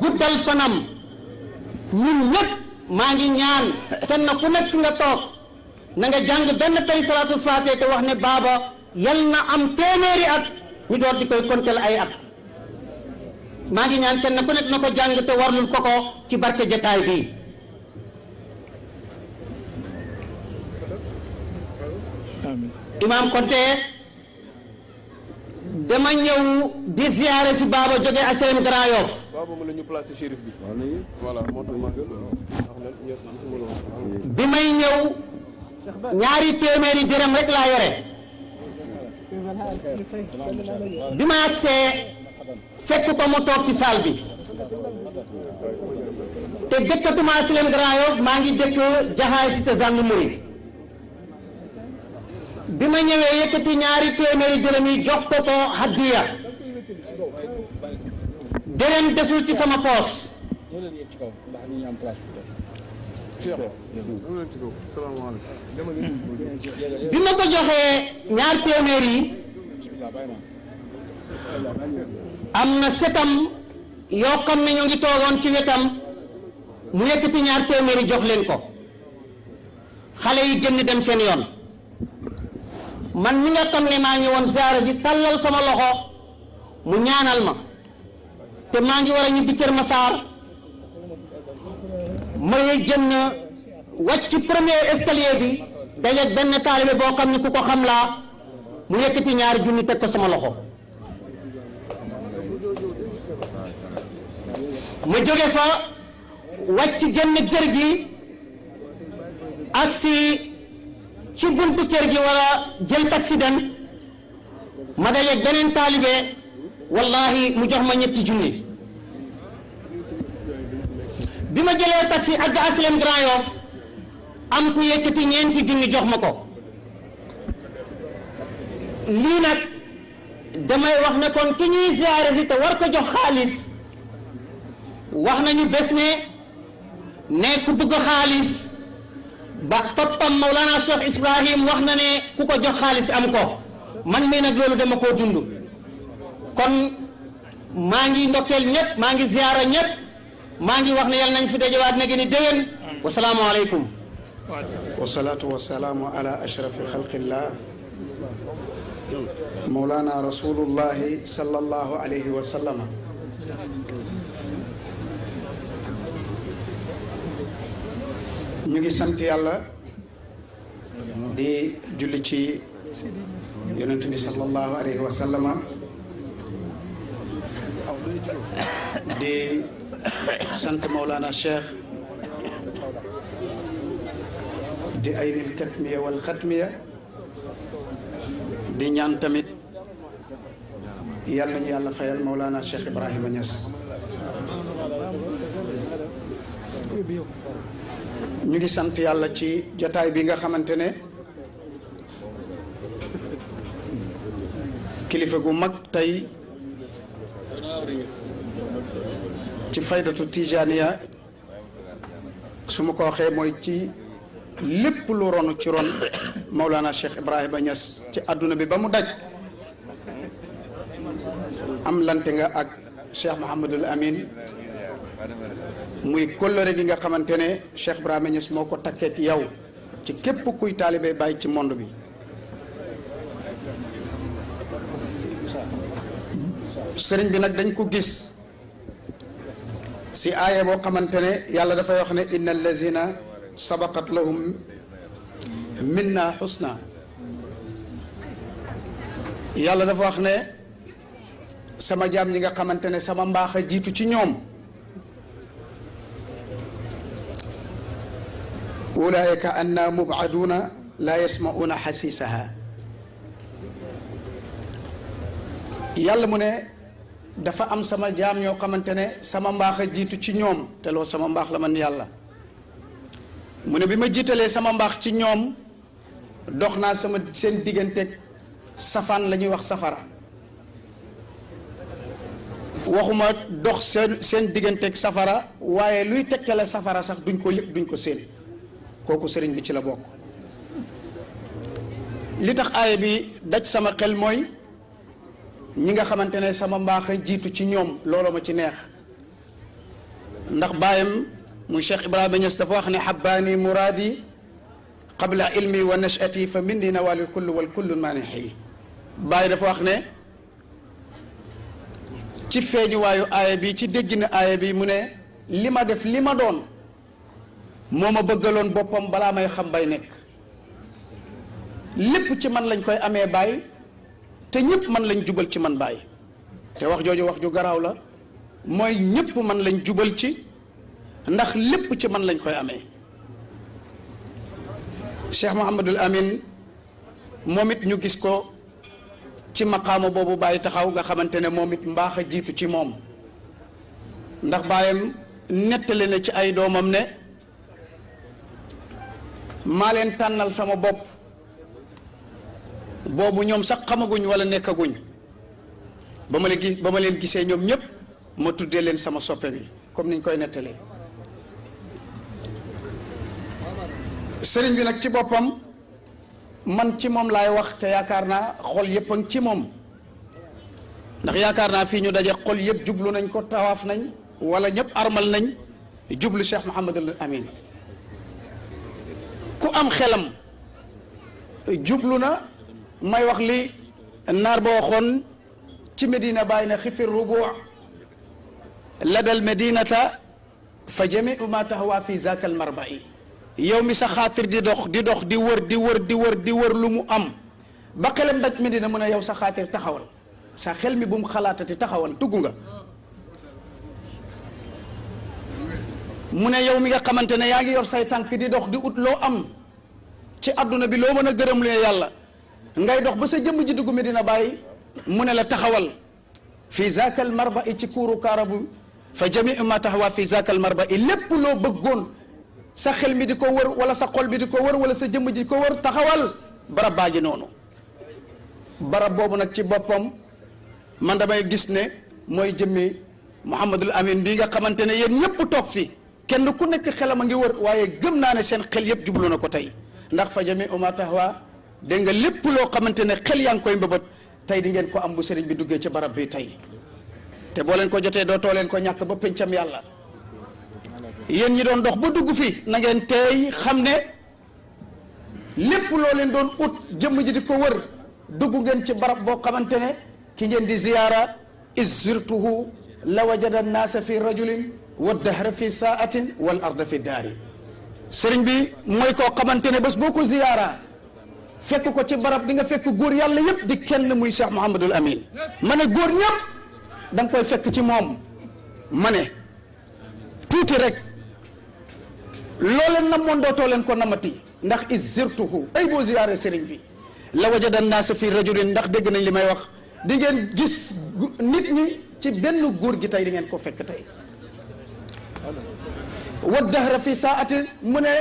guddal fanam ñun ñépp maa ngi ñaan kenn ku nekk si nga toog na nga jàng benn tey salaatul faatiha te wax ne baaba yal na am téeméeri at ñu door di koy kontel ay at maa ngi ñaan kenn ku nekk na ko jàng te warlul ko ci barke jataay bi imaam Konte dama ñëw di ziare si baaba jóge ACM Grand Yoff. bi may ñëw ñaari téeméeri dërëm rek laa yore. bi ma agsee fekk ko mu toog ci saal bi. te dëkkatuma ACM Grand Yoff maa ngi dëkk jaxaay cité gendarmerie. bi ma ñëwee yëkkati ñaari téeméeri dërëm yi jox ko ko haddiya dërëm desul ci sama poos bi ma ko joxee ñaar téeméer yi am na setam yoo xam ne ñu ngi toogoon ci wetam mu yëkkati ñaar téeméer yi jox leen ko xale yi génn dem seen yoon man mi nga xam ne maa ngi woon ziyaara si tàllal sama loxo mu ñaanal ma te maa ngi war a ñibbi Kër Massar may génn wàcc premier escalier bi dajeeg benn taalibe boo xam ne ku ko xam laa mu yëkkati ñaari junni teg ko sama loxo ma jóge sa wàcc génn kër gi ak si ci buntu kër gi wala jël taxi dem ma dajeeg beneen taalibe wallahi mu jox ma ñetti junni bi ma jëlee taxi ak aslem Grand Yoff am ku yëkkati ñeenti junni jox ma ko lii nag damay wax ne kon ki ñuy ziare si te war ko jox xaalis wax nañu bés ne ne ku bëgg xaalis ba toppam Maulana Cheikh Ibrahim wax na ne ku ko jox xaalis am ko man mii nag loolu dama koo dund kon maa ngi ndokkeel ñett maa ngi ziyaara ñëpp maa ngi wax ne yàlla nañ fi dajewaat na gën a déwén wasalaamu aleykum wasalaatu wasalaamu ala ashrafi xalqillah Maulana rasulullahi sallallahu alayhi wa sallama ñu ngi sant yàlla di julli ci yonent bi sallallahu alayhi wa sallama di sant Maulana Cheikh di aynil katmiya wal xatmiya di ñaan tamit yàlla ñu yàlla fayal Maulana Cheikh Ibrahima Niass. ñu ngi sant yàlla ci jataay bi nga xamante ne kilifa gu mag tey ci faydatu tijaaniya su ma ko waxee mooy ci lépp lu ronu ci ron Maulana Cheikh Ibrahima Niass ci àdduna bi ba mu daj am lante nga ak Cheikh Mouhamadul Amin muy kóllëre gi nga xamante ne Cheikh Ibrahima Niass moo ko takkee ci yow ci képp kuy taalibe bàyyi ci monde bi sëriñ bi nag dañ ko gis si aaya boo xamante ne yàlla dafay wax ne inna allazina sabaqat lahum minna xusna yàlla dafa wax ne sama jaam yi nga xamante ne sama mbaax a jiitu ci ñoom wa ulaayika anna mubaduuna laa yasmauuna xasiisaha yàlla mu ne dafa am sama jaam ñoo xamante ne sama mbaax a jiitu ci ñoom teloo sama mbaax la man yàlla mu ne bi ma jiitalee sama mbaax ci ñoom dox naa sama seen diggante safaan la ñuy wax safara waxuma dox seen seen digganteeg safara waaye luy tekkale safara sax duñ ko yëg duñ ko seen kooku sëriñ bi ci la bokk li tax aaya bi daj sama xel mooy ñi nga xamante ne sama mbaax a jiitu ci ñoom looloo ma ci neex ndax baayam muy Cheikh Ibrahima Niass dafa wax ne xabbaani muraadi qabla ilmi wa nachati fa minni nawaalil kullu wal kullu maanixi baay dafa wax ne ci feeñuwaayu aaya bi ci dégg na aaya bi mu ne li ma def li ma doon moo ma bëggaloon boppam balaa may xam bay nekk lépp ci man lañ koy amee baay te ñëpp man lañ jubal ci man baay te wax jooju wax ju garaaw la mooy ñëpp man lañ jubal ci ndax lépp ci man lañ koy amee Cheikh Mouhamadul Amin moom it ñu gis ko ci maqaama boobu bàyyi taxaw nga xamante ne moom it mbaax a jiitu ci moom ndax baayam nettali na ci ay doomam ne maa leen tànnal sama bopp boobu ñoom sax xamaguñ walla nekkaguñ ba ma leen gis ba ma leen gisee ñoom ñëpp ma tuddee leen sama soppe bi comme niñ koy nettalee sëriñ bi nag ci boppam man ci moom lay wax te yaakaar naa xol yëpp ci moom ndax yaakaar naa fii ñu daje xol yëpp jublu nañ ko tawaaf nañ wala ñëpp armal nañ jublu Cheikh Mouhamadul Amin ku am xelam jublu na may wax li naar ba waxoon ci Medina bàyyi na xifir rubu ladal ta fa jamiu ma taxawaa fi zakal marba yi yow mi sa xaatir di dox di dox di wër di wër di wër di wër lu mu am ba xelam daj Medina mun a yow sa xaatir taxawal sa xel mi bu mu xalaatati taxawal dugg nga mu ne yow mi nga xamante ne yaa ngi yor say tànk di dox di ut loo am ci adduna bi loo mën a gërëm lee yàlla ngay dox ba sa jëmm ji dugg mi dina bàyyi mu ne la taxawal fii zaakal marba i ci kuuru kaarabu fa jamiu ma taxawaa fii zaakal marba i lépp loo bëggoon sa xel mi di ko wër wala sa xol bi di ko wër wala sa jëmm ji ko wër taxawal barab baa noonu barab boobu nag ci boppam man damay gis ne mooy jëmmi Muhammadul Amin bii nga xamante ne yéen ñëpp toog fii kenn ku nekk xelam a ngi wër waaye gëm naa ne seen xel yëpp jublu na ko tey ndax fa jami uma taxwa dégg nga lépp loo xamante ne xel yaa ngi koy mbëbët tey di ngeen ko am bu sëriñ bi duggee ci barab bi tey te boo leen ko jotee doo too leen ko ñàkk ba pencam yàlla yéen ñi doon dox ba dugg fi nangeen ngeen tey xam ne lépp loo leen doon ut jëmm ji di ko wër dugg ngeen ci barab boo xamante ne ki ngeen di ziyaara izirtuhu la wajada naasa fi rajulin wa dahra fi saatin wal arda fi daari sëriñ bi mooy koo xamante ne bés boo ko ziyaara fekk ko ci barab di nga fekk góor yàlla yëpp di kenn muy Cheikh Mouhamadul Amin ma ne góor ñëpp danga koy fekk ci moom ma ne tuuti rek loo leen namoon dootoo leen ko namati ndax is zirtuhu ay boo ziyaare sëriñ bi la wajada naasa fi rajulin ndax dégg nañ li may wax di ngeen gis nit ñi ci benn góor gi tey di ngeen ko fekk tey wa dahra fi saatin mu ne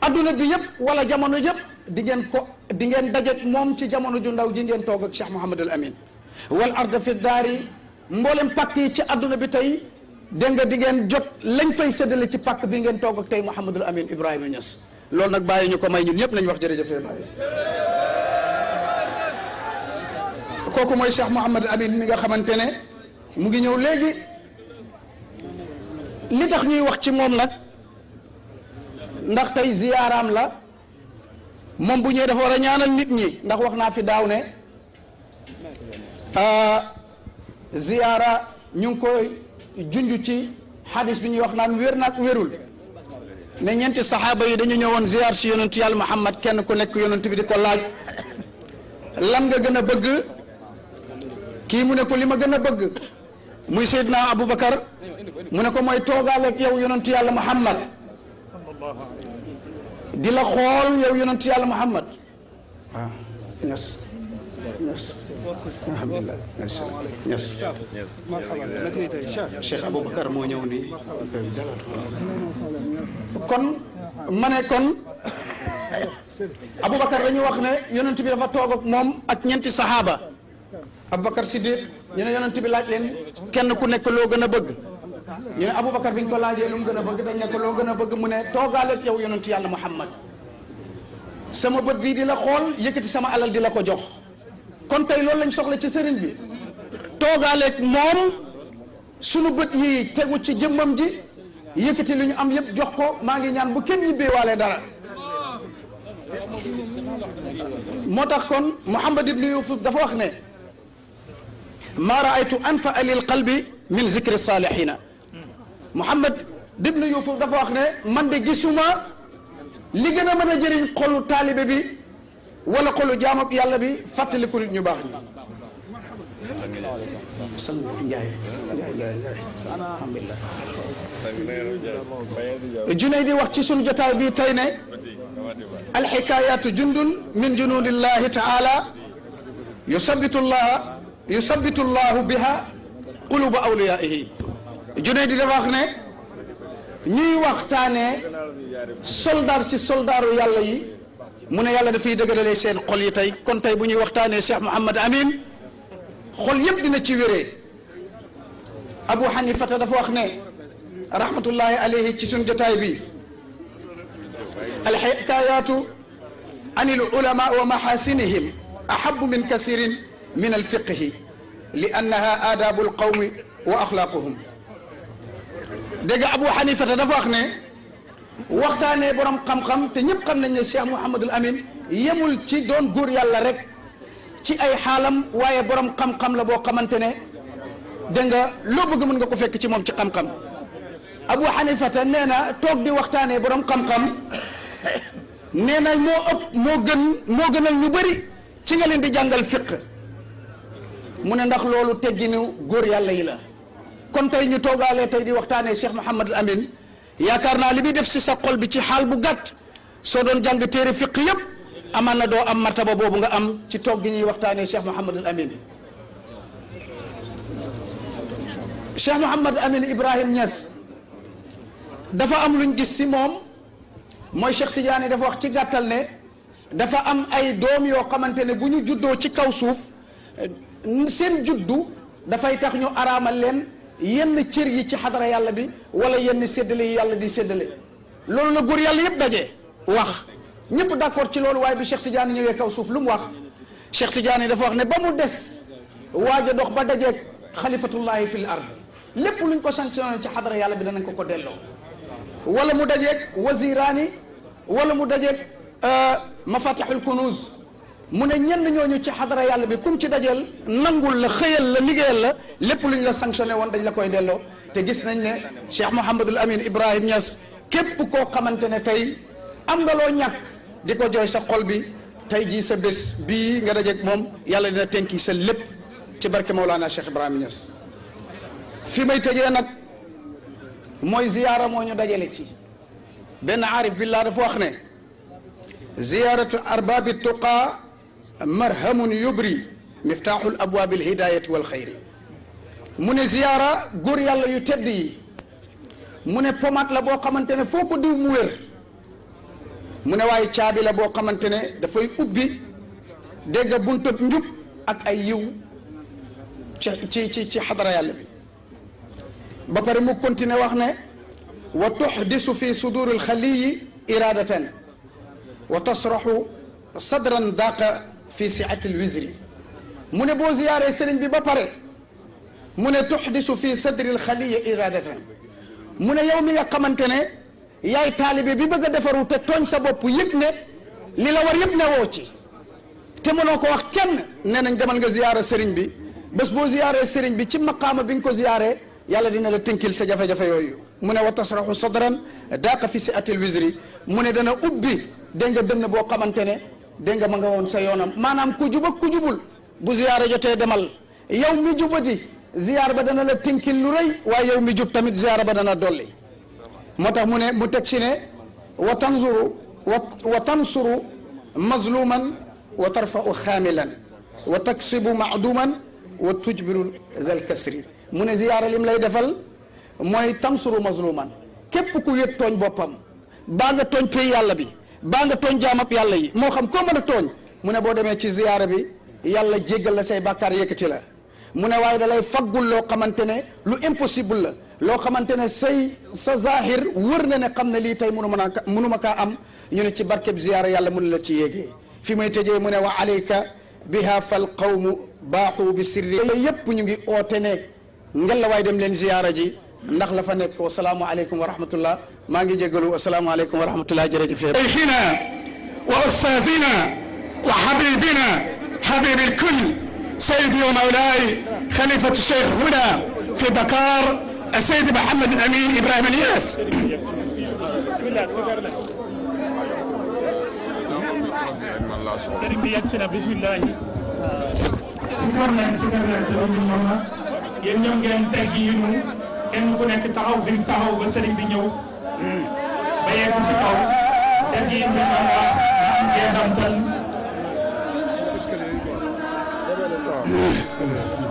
adduna bi yëpp wala jamono yëpp di ngeen ko di ngeen dajeek moom ci jamono ju ndaw ji ngeen toog ak Cheikh Mouhamadul Amin wal arda fi daari mboolem pàkk yi ci adduna bi tey dégg nga di ngeen jot lañ fay seddale ci pàkk bi ngeen toog ak tey Mouhamadul Amin Ibrahima Niass lool nag bàyyi ñu ko may ñun ñëpp nañ wax jërëjëf bàyyi kooku mooy Cheikh Mouhamadul Amin mi nga xamante ne mu ngi ñëw léegi. li tax ñuy wax ci moom nag ndax tey ziyaaraam la moom bu ñëwee dafa war a ñaanal nit ñi ndax wax naa fi daaw ne euh, ziyaara ñu ngi koy junj ci xadis bi ñuy wax naan wér naag wérul ne ñeenti saxaaba yi dañu ñëwoon ziyaar si yonent yàlla Muhammad kenn ku nekk yonent bi di ko laaj lan nga gën a bëgg kii mu ne ko li ma gën a bëgg muy Seydina Aboubacar mu ne ko mooy toogaal ak yow yonentu yàlla Muhammad di la xool yow yonentu yàlla Muhammad waaw ñes ñes moo ñëw ni kon ma ne kon wax ne yonent bi dafa toog ak moom ak ñeenti sahaaba Aboubacar Siddiq ñu ne yonent bi laaj leen kenn ku nekk loo gën a bëgg ñu ne Aboubacar bi ñu ko laajee lu gën a bëgg dañ nekk loo gën a bëgg mu ne toogaale ak yow yonent yàlla Muhammad sama bët bii di la xool yëkkati sama alal di la ko jox kon tey loolu lañ soxla ci sëriñ bi toogaale moom sunu bët yi tegu ci jëmmam ji yëkkati lu ñu am yëpp jox ko maa ngi ñaan bu kenn ñibbeewaale dara moo tax kon Muhammad ibn Yusuf dafa wax ne maa raaytu anfaa lil qalbi min zikri saalihiina Mouhamed Ibn Youssouf dafa wax ne man de gisuma li gën a mën a jëriñ xolu taalibe bi wala xolu jaamab yàlla bi fàttaliku nit ñu baax ñi. Junayd di wax ci sunu jotaay bi tey ne alxikaayaatu jundun min junudillahi taala yusabbitu llaha yusabitu llahu biha quluba awliyaihi Junayd dafa wax ne ñuy waxtaanee soldaar ci soldaaru yàlla yi mu ne yàlla dafay dëgëralee seen xol yi tey kon tey bu ñuy waxtaanee Cheikh Mouhamad Amin xol yëpp dina ci wéree Abu Hanifata dafa wax ne rahmatullahi alayhi ci suñ jotaay bi alxikayaatu an il ulama wa mahasinihim ahabu min kasirin min alfiqhi li annaha aadaabul qawmi wa axlaaquhum dégg Abu Hanifa te dafa wax ne waxtaanee borom xam-xam te ñëpp xam nañ ne Cheikh Mouhamadul Amin yemul ci doon góor yàlla rek ci ay xaalam waaye borom xam-xam la boo xamante ne dégg nga loo bëgg mën nga ko fekk ci moom ci xam-xam Abu Hanifa te nee na toog di waxtaanee borom xam-xam nee na moo ëpp moo gën moo gënal ñu bëri ci nga leen di jàngal fiq mu ne ndax loolu tegginu góor yàlla yi la kon tey ñu toogaalee tey di waxtaanee Cheikh Mouhamadul Amine yaakaar naa li muy def si sa xol bi ci xaal bu gàtt soo doon jàng téere fiq yëpp amaan na doo am martaba boobu nga am ci toog gi ñuy waxtaanee Cheikh Mouhamadul Amine. Cheikh Mouhamadul Amine Ibrahim Niass dafa am luñ gis si moom mooy Cheikh Tidiane dafa wax ci gàttal ne dafa am ay doom yoo xamante ne bu ñu juddoo ci kaw suuf. seen juddu dafay tax ñu araamal leen yenn cër yi ci xadara yàlla bi wala yenn séddale yi yàlla di séddale loolu la góor yàlla yëpp daje wax ñëpp d'accord ci loolu waaye bi Cheikh Tidiane ñëwee kaw suuf lu mu wax Cheikh Tidiane dafa wax ne ba mu des waaj a dox ba dajeeg xalifatullahi fil ard lépp luñ ko sanctionné ci xadara yàlla bi danañ ko ko delloo wala mu dajeeg waziraani wala mu dajeeg euh, mafatixul kunuz mu ne ñenn ñooñu ci xadara yàlla bi kum ci dajeel nangul la xëyal la liggéeyal la lépp lu ñu la sanctionné woon dañ la koy delloo te gis nañ ne Cheikh Mouhamadul Amin Ibrahim ñas képp koo xamante ne tey am nga loo ñàkk di ko jooy sa xol bi tey jii sa bés bii nga dajeeg moom yàlla dina tenki sa lépp ci barke Maulana Cheikh Ibrahim Niass fi may tëjee nag mooy ziyaara moo ñu dajale ci benn aarif billah dafa wax ne ziyaaratu arbaabi tuqaa marhamun yubri miftaaxul abwaabil hidaayati wal xayri mu ne ziyaara góor yàlla yu tedd yi mu ne pomat la boo xamante ne foo ko diw mu wér mu ne waaye caabi la boo xamante ne dafay ubbi dégg buntab njub ak ay yiw ci ci ci xadara yàlla bi ba pare mu continuer wax ne wa tuxdisu fi suduril xaliyi iradatan wa tasraxu sadran daqa fii siatil wisri mu ne boo ziyaaree sëriñ bi ba pare mu ne tuxdisu fii sadril xaliya iradatan mu ne yow mi nga xamante ne yaay taalibe bi bëgg a defaru te tooñ sa bopp yëpp ne li la war yëpp ne woo ci te mënoo ko wax kenn ne nañ demal nga ziyaara sëriñ bi bés boo ziyaaree seriñ bi ci maqaama bi nga ko ziyaaree yàlla dina la tënkil sa jafe-jafe yooyu mu ne wa tasraxu sadran daaqa fi si atil wisri mu ne dana ubbi dégg nga boo xamante ne dégg nga ma nga woon sa yoonam maanaam ku jub ak ku jubul bu ziyaara jotee demal yow mi jubati ziyaar ba dana la tinkil lu rëy waaye yow mi jub tamit ziyaara ba dana dolli moo tax mu ne mu teg ci ne wa tanzuru wa tansuru mazluman wa tarfau xaamilan wa taksibu maaduman wa tujbiru zalkasri mu ne ziyaara lim lay defal mooy tansuru mazluman képp ku yëg tooñ boppam baa nga tooñ pay yàlla bi baa nga tooñ jaamab yàlla yi moo xam koo mën a tooñ mu ne boo demee ci ziyaara bi yàlla jéggal la say bàkkaar yëkkati la mu ne waaye dalay faggul loo xamante ne lu impossible la loo xamante ne say sa zahir wër na ne xam ne lii tey munu mën a munuma kaa am ñu ne ci barkeb ziyaara yàlla mun la ci yéegee fi may tëjee mu ne wa alayka biha fal qawmu baaxu bi sirri yëpp ñu ngi oote la waay dem leen ziyaara ji ndax la fa nekk wasalaamualeykum wa rahmatullah maa ngi jégalu wasalaamualeykum wa rahmatullah jërëjëf yéen. cheikhina wa ustaazina wa habibina habib al-kull sayyidi wa mawlaay xalifatu cheikh huna fi Dakar sayyid Mohamed Amin Ibrahima Niass. sëriñ bi yegg si na bisimilah. war nañ si gàllankoor bi moom la yéen ñoom ngeen teggi yi kenn ku nekk taxaw fi mu taxaw ba sëriñ bi ñëw ba yegg si kaw te gii bi ñoom wax na am jeexantal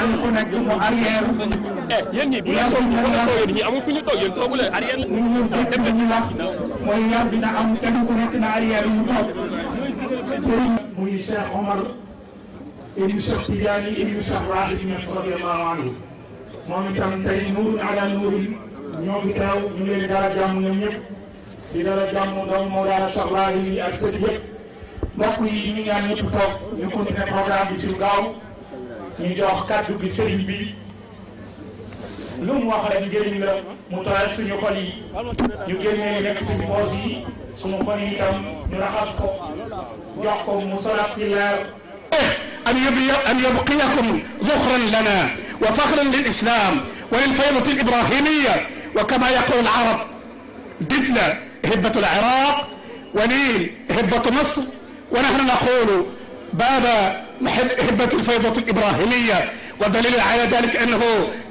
kenn ku nekk mu arrière. Eh, yéen ñii bu leen toog ñi amul fu ñu toog yéen toogu leen arrière la. ñu ñëw dégg ñu wax mooy yar dina am kenn ku nekk na arrière yu toog. sëriñ muy Cheikh Omar ibnu Cheikh Tidiane ibnu Cheikh Rahim Niass radiyallahu anhu moom itam tey nuurun ala nuurin ñoo ngi teew ñu ngi leen dara jàmm ñoom ñëpp di dara jàmm doom moo daal Cheikh Rahim yi ak sëriñ yëpp mbokk yi ñu ngi ñaan ñëpp toog ñu continuer programme bi si gaaw. ñu jox kàddu bi sëriñ bi lu mu wax rek njëriñ la mu taal suñu xol yi ñu génnee nekk suñu poos yi suñu xol yi itam ñu raxas ko jox ko mu solat ci leer an yubqiya an yubqiyakum zuxran lana wa faxran lil islam wa lil faydati al ibrahimiya wa kama yaqulu al arab didla hibbatu al iraq wa nil hibbatu masr wa nahnu naqulu baba محبة الفيضة الإبراهيمية ودليل على ذلك أنه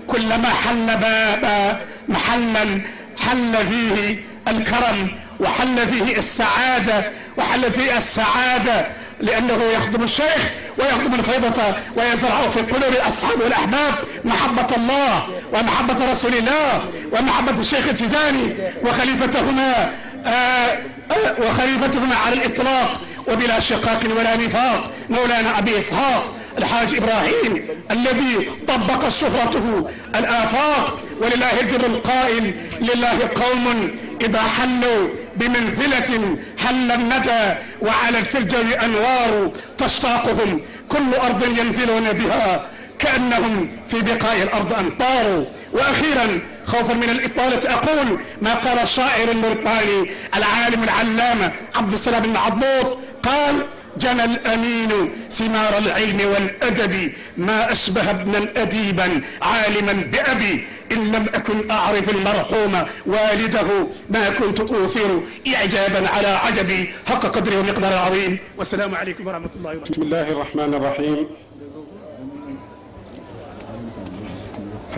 كلما حل باب محلا حل فيه الكرم وحل فيه السعادة وحل فيه السعادة لأنه يخدم الشيخ ويخدم الفيضة ويزرع في قلوب أصحابه الأحباب محبة الله ومحبة رسول الله ومحبة الشيخ التجاني وخليفتهما آه وخليفتهما على الإطلاق وبلا شقاق ولا نفاق مولانا أبي إسحاق الحاج إبراهيم الذي طبق شهرته الآفاق ولله البر القائل لله قوم إذا حلوا بمنزلة حل الندى وعلت في الجو أنوار تشتاقهم كل أرض ينزلون بها كأنهم في بقاع الأرض أمطار وأخيرا خوفا من الإطالة أقول ما قال الشاعر المرقاني العالم العلامة عبد السلام بن عضوط قال جنى الأمين ثمار العلم والأدب ما أشبه ابنا أديبا عالما بأبي إن لم أكن أعرف المرحوم والده ما كنت أوثر إعجابا على عجبي حق قدره ومقدار عظيم والسلام عليكم ورحمة الله وبركاته بسم الله الرحمن الرحيم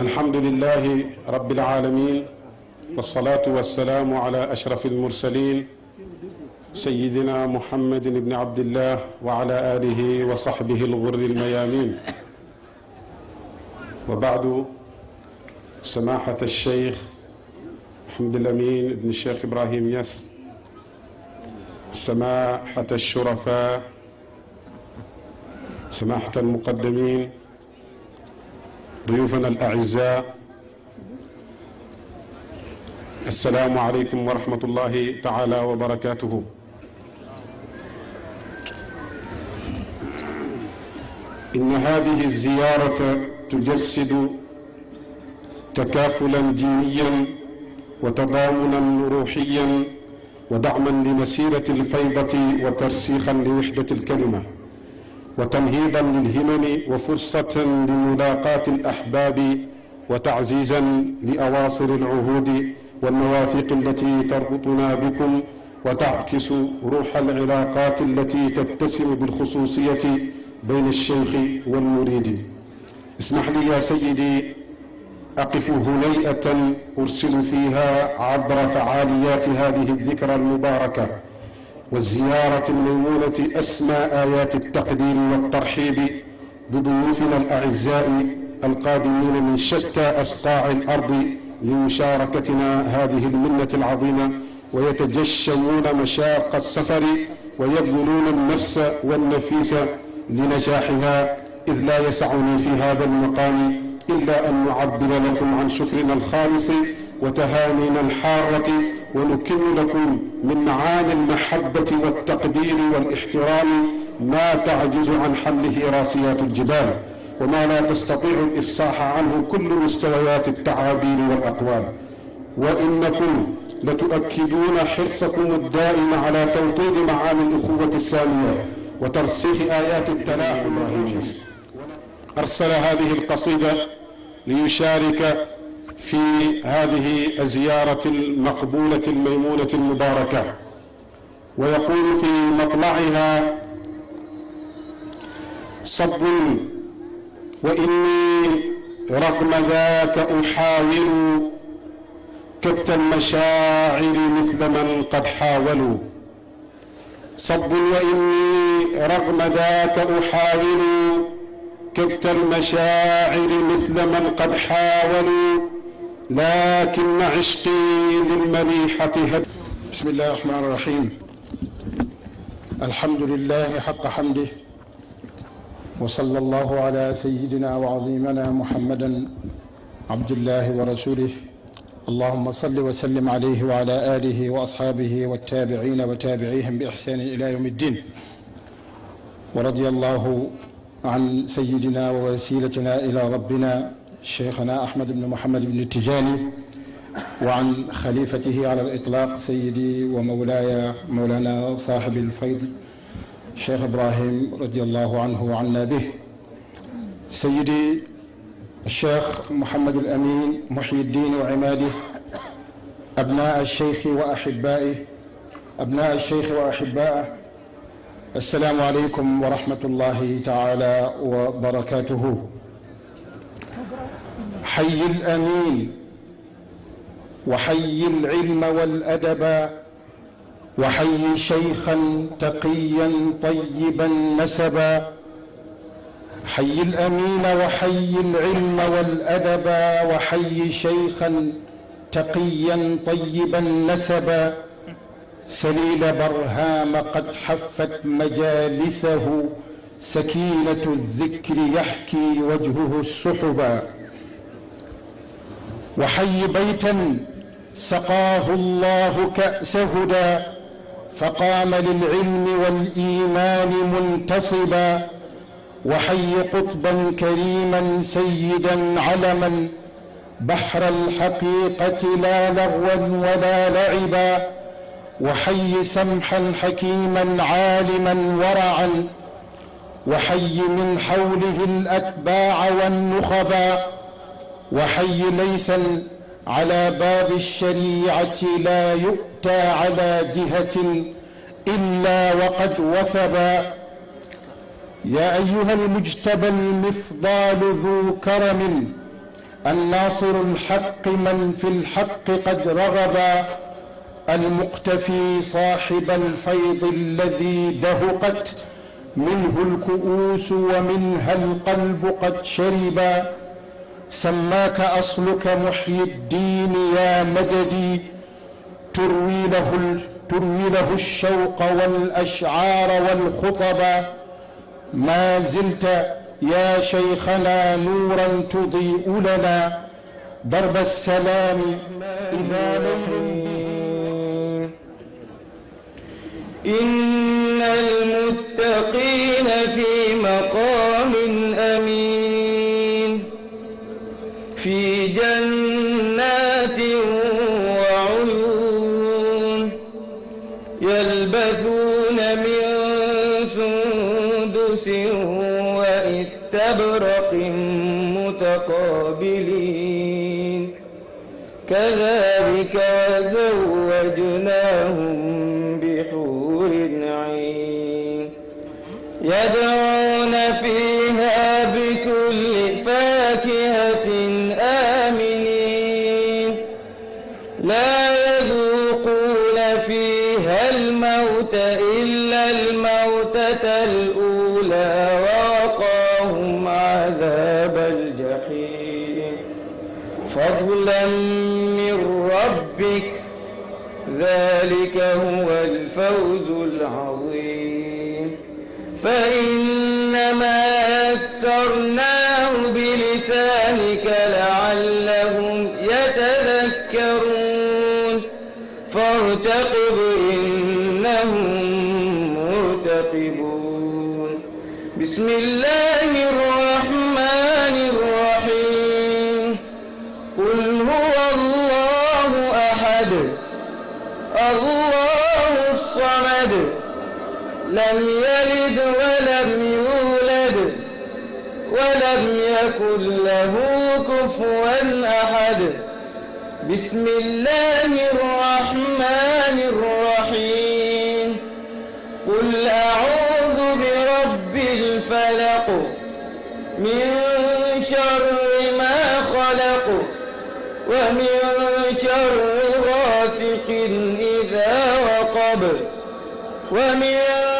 alhamdulilahi rabbil aalamiin wasalaatu wasalaamu ala ashraf almursaliin sayyidina muhammadin ibni abdillah wa ala aalihi wa saxbihi alxurri almayaamiin wa baadu samaaxat alcheikh Mouhamadul Amiin ibni Cheikh Ibrahim Niass samaaxat alshurafaa samaaxat almuqaddamiin ضيوفنا الأعزاء السلام عليكم ورحمة الله تعالى وبركاته إن هذه الزيارة تجسد تكافلا دينيا وتضامنا روحيا ودعما لمسيرة الفيضة وترسيخا لوحدة الكلمة وتمهيدا للهمم وفرصة لملاقاة الأحباب وتعزيزا لأواصر العهود والمواثيق التي تربطنا بكم وتعكس روح العلاقات التي تتسم بالخصوصية بين الشيخ والمريد اسمح لي يا سيدي أقف هنيئة أرسل فيها عبر فعاليات هذه الذكرى المباركة وزيارة الميمونة أسمى آيات التقديم والترحيب بضيوفنا الأعزاء القادمين من شتى أصقاع الأرض لمشاركتنا هذه المنة العظيمة ويتجشمون مشاق السفر ويبذلون النفس والنفيس لنجاحها إذ لا يسعني في هذا المقام إلا أن نعبر لكم عن شكرنا الخالص وتهانينا الحارة ونكمل لكم من معاني المحبة والتقدير والاحترام ما تعجز عن حمله راسيات الجبال وما لا تستطيع الإفصاح عنه كل مستويات التعابير والأقوال وإنكم لتؤكدون حرصكم الدائم على توطيد معاني الأخوة السامية وترسيخ آيات التلاحم الرهيميس أرسل هذه القصيدة ليشارك في هذه الزيارة المقبولة الميمونة المباركة ويقول في مطلعها صب وإني رغم ذاك أحاول كبت المشاعر مثل من قد حاولوا صب وإني رغم ذاك أحاول كبت المشاعر مثل من قد حاولوا لكن عشقي للمليحة هب بسم الله الرحمن الرحيم الحمد لله حق حمده وصلى الله على سيدنا وعظيمنا محمدا عبد الله ورسوله اللهم صل وسلم عليه وعلى آله وأصحابه والتابعين وتابعيهم بإحسان إلى يوم الدين ورضي الله عن سيدنا ووسيلتنا إلى ربنا شيخنا أحمد بن محمد بن التجاني وعن خليفته على الإطلاق سيدي ومولاي مولانا صاحب الفيض شيخ إبراهيم رضي الله عنه وعنا به سيدي الشيخ محمد الأمين محي الدين وعماده أبناء الشيخ وأحبائه أبناء الشيخ وأحبائه السلام عليكم ورحمة الله تعالى وبركاته حي الامين وحي العلم والادب وحي شيخا تقيا طيبا نسبا حي الامين وحي العلم والادب وحي شيخا تقيا طيبا نسبا سليل برهام قد حفت مجالسه سكينه الذكر يحكي وجهه السحبا وحي بيتا سقاه الله كأس هدى فقام للعلم والإيمان منتصبا وحي قطبا كريما سيدا علما بحر الحقيقة لا لغوا ولا لعبا وحي سمحا حكيما عالما ورعا وحي من حوله الأتباع والنخبا وحي ليثا على باب الشريعة لا يؤتى على جهة إلا وقد وثب يا أيها المجتبى المفضال ذو كرم الناصر الحق من في الحق قد رغب المقتفي صاحب الفيض الذي دهقت منه الكؤوس ومنها القلب قد شربا سماك أصلك محيي الدين يا مددي تروي له تروي له الشوق والأشعار والخطب ما زلت يا شيخنا نورا تضيء لنا درب السلام إذا ليل إن المتقين في مقام رؤوس وإستبرق متقابلين كذلك وزوجناهم فضلا من ربك ذلك هو الفوز العظيم فإنما يسرناه بلسانك لعلهم يتذكرون فارتقب إنهم مرتقبون بسم الله لم يلد ولم يولد ولم يكن له كفوا أحد بسم الله الرحمن الرحيم قل أعوذ برب الفلق من شر ما خلق ومن شر غاسق إذا وقب ومن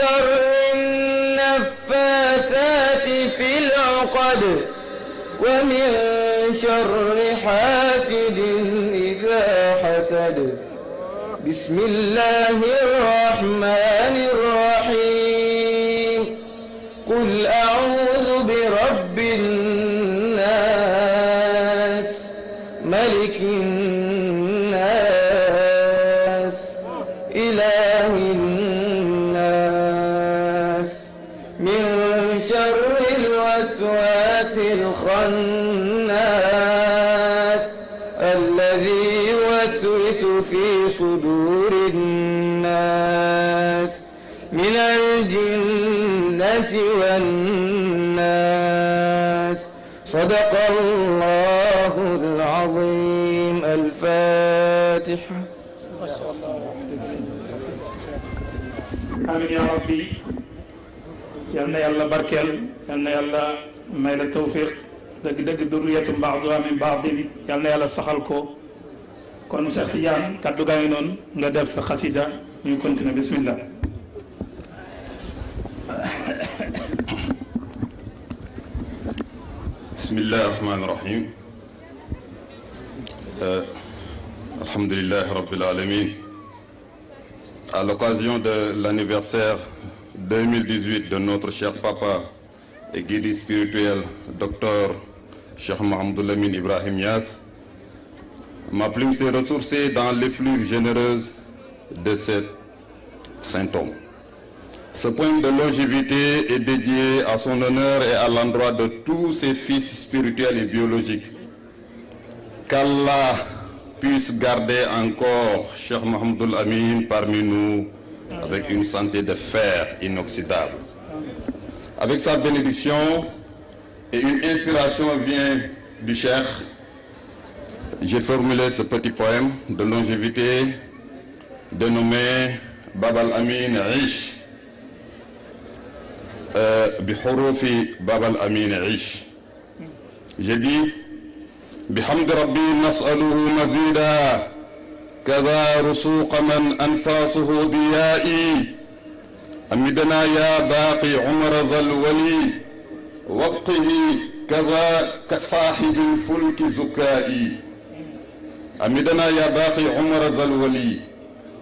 وشر النفاثات في العقد ومن شر حاسد إذا حسد بسم الله الرحمن الرحيم قل أعوذ برب الناس الناس صدق الله العظيم الفاتحة ما شاء الله amiin yaa rabbi yal na yàlla barkeel yal na yàlla may la tawfiq dëgg-dëgg durriyatu baaduha min baadin yal na yàlla saxal ko kon Cheikh Tidiane kaddu gaa ngi noonu nga def sa xasida ñu continue bismillah bismillahi rahmaani rahim euh, alhamdulillahi rabbil à l'occasion de l'anniversaire 2018 de notre cher papa et guide spirituel docteur Cheikh Mahamadou Ibrahim Niass ma plume s'est ressourcée dans l'effluve généreuse de cet saint Ce point de longévité est dédié à son honneur et à l'endroit de tous ses fils spirituels et biologiques. Qu'Allah puisse garder encore Cheikh Mahamadou Amin parmi nous avec une santé de fer inoxydable. Avec sa bénédiction et une inspiration vient du Cheikh, j'ai formulé ce petit poème de longévité dénommé Babal Amin Riche. بحروف باب الأمين عيش جدي بحمد ربي نسأله مزيدا كذا رسوق من أنفاسه بيائي أمدنا يا باقي عمر ذا الولي وابقه كذا كصاحب الفلك زكائي أمدنا يا باقي عمر ذا الولي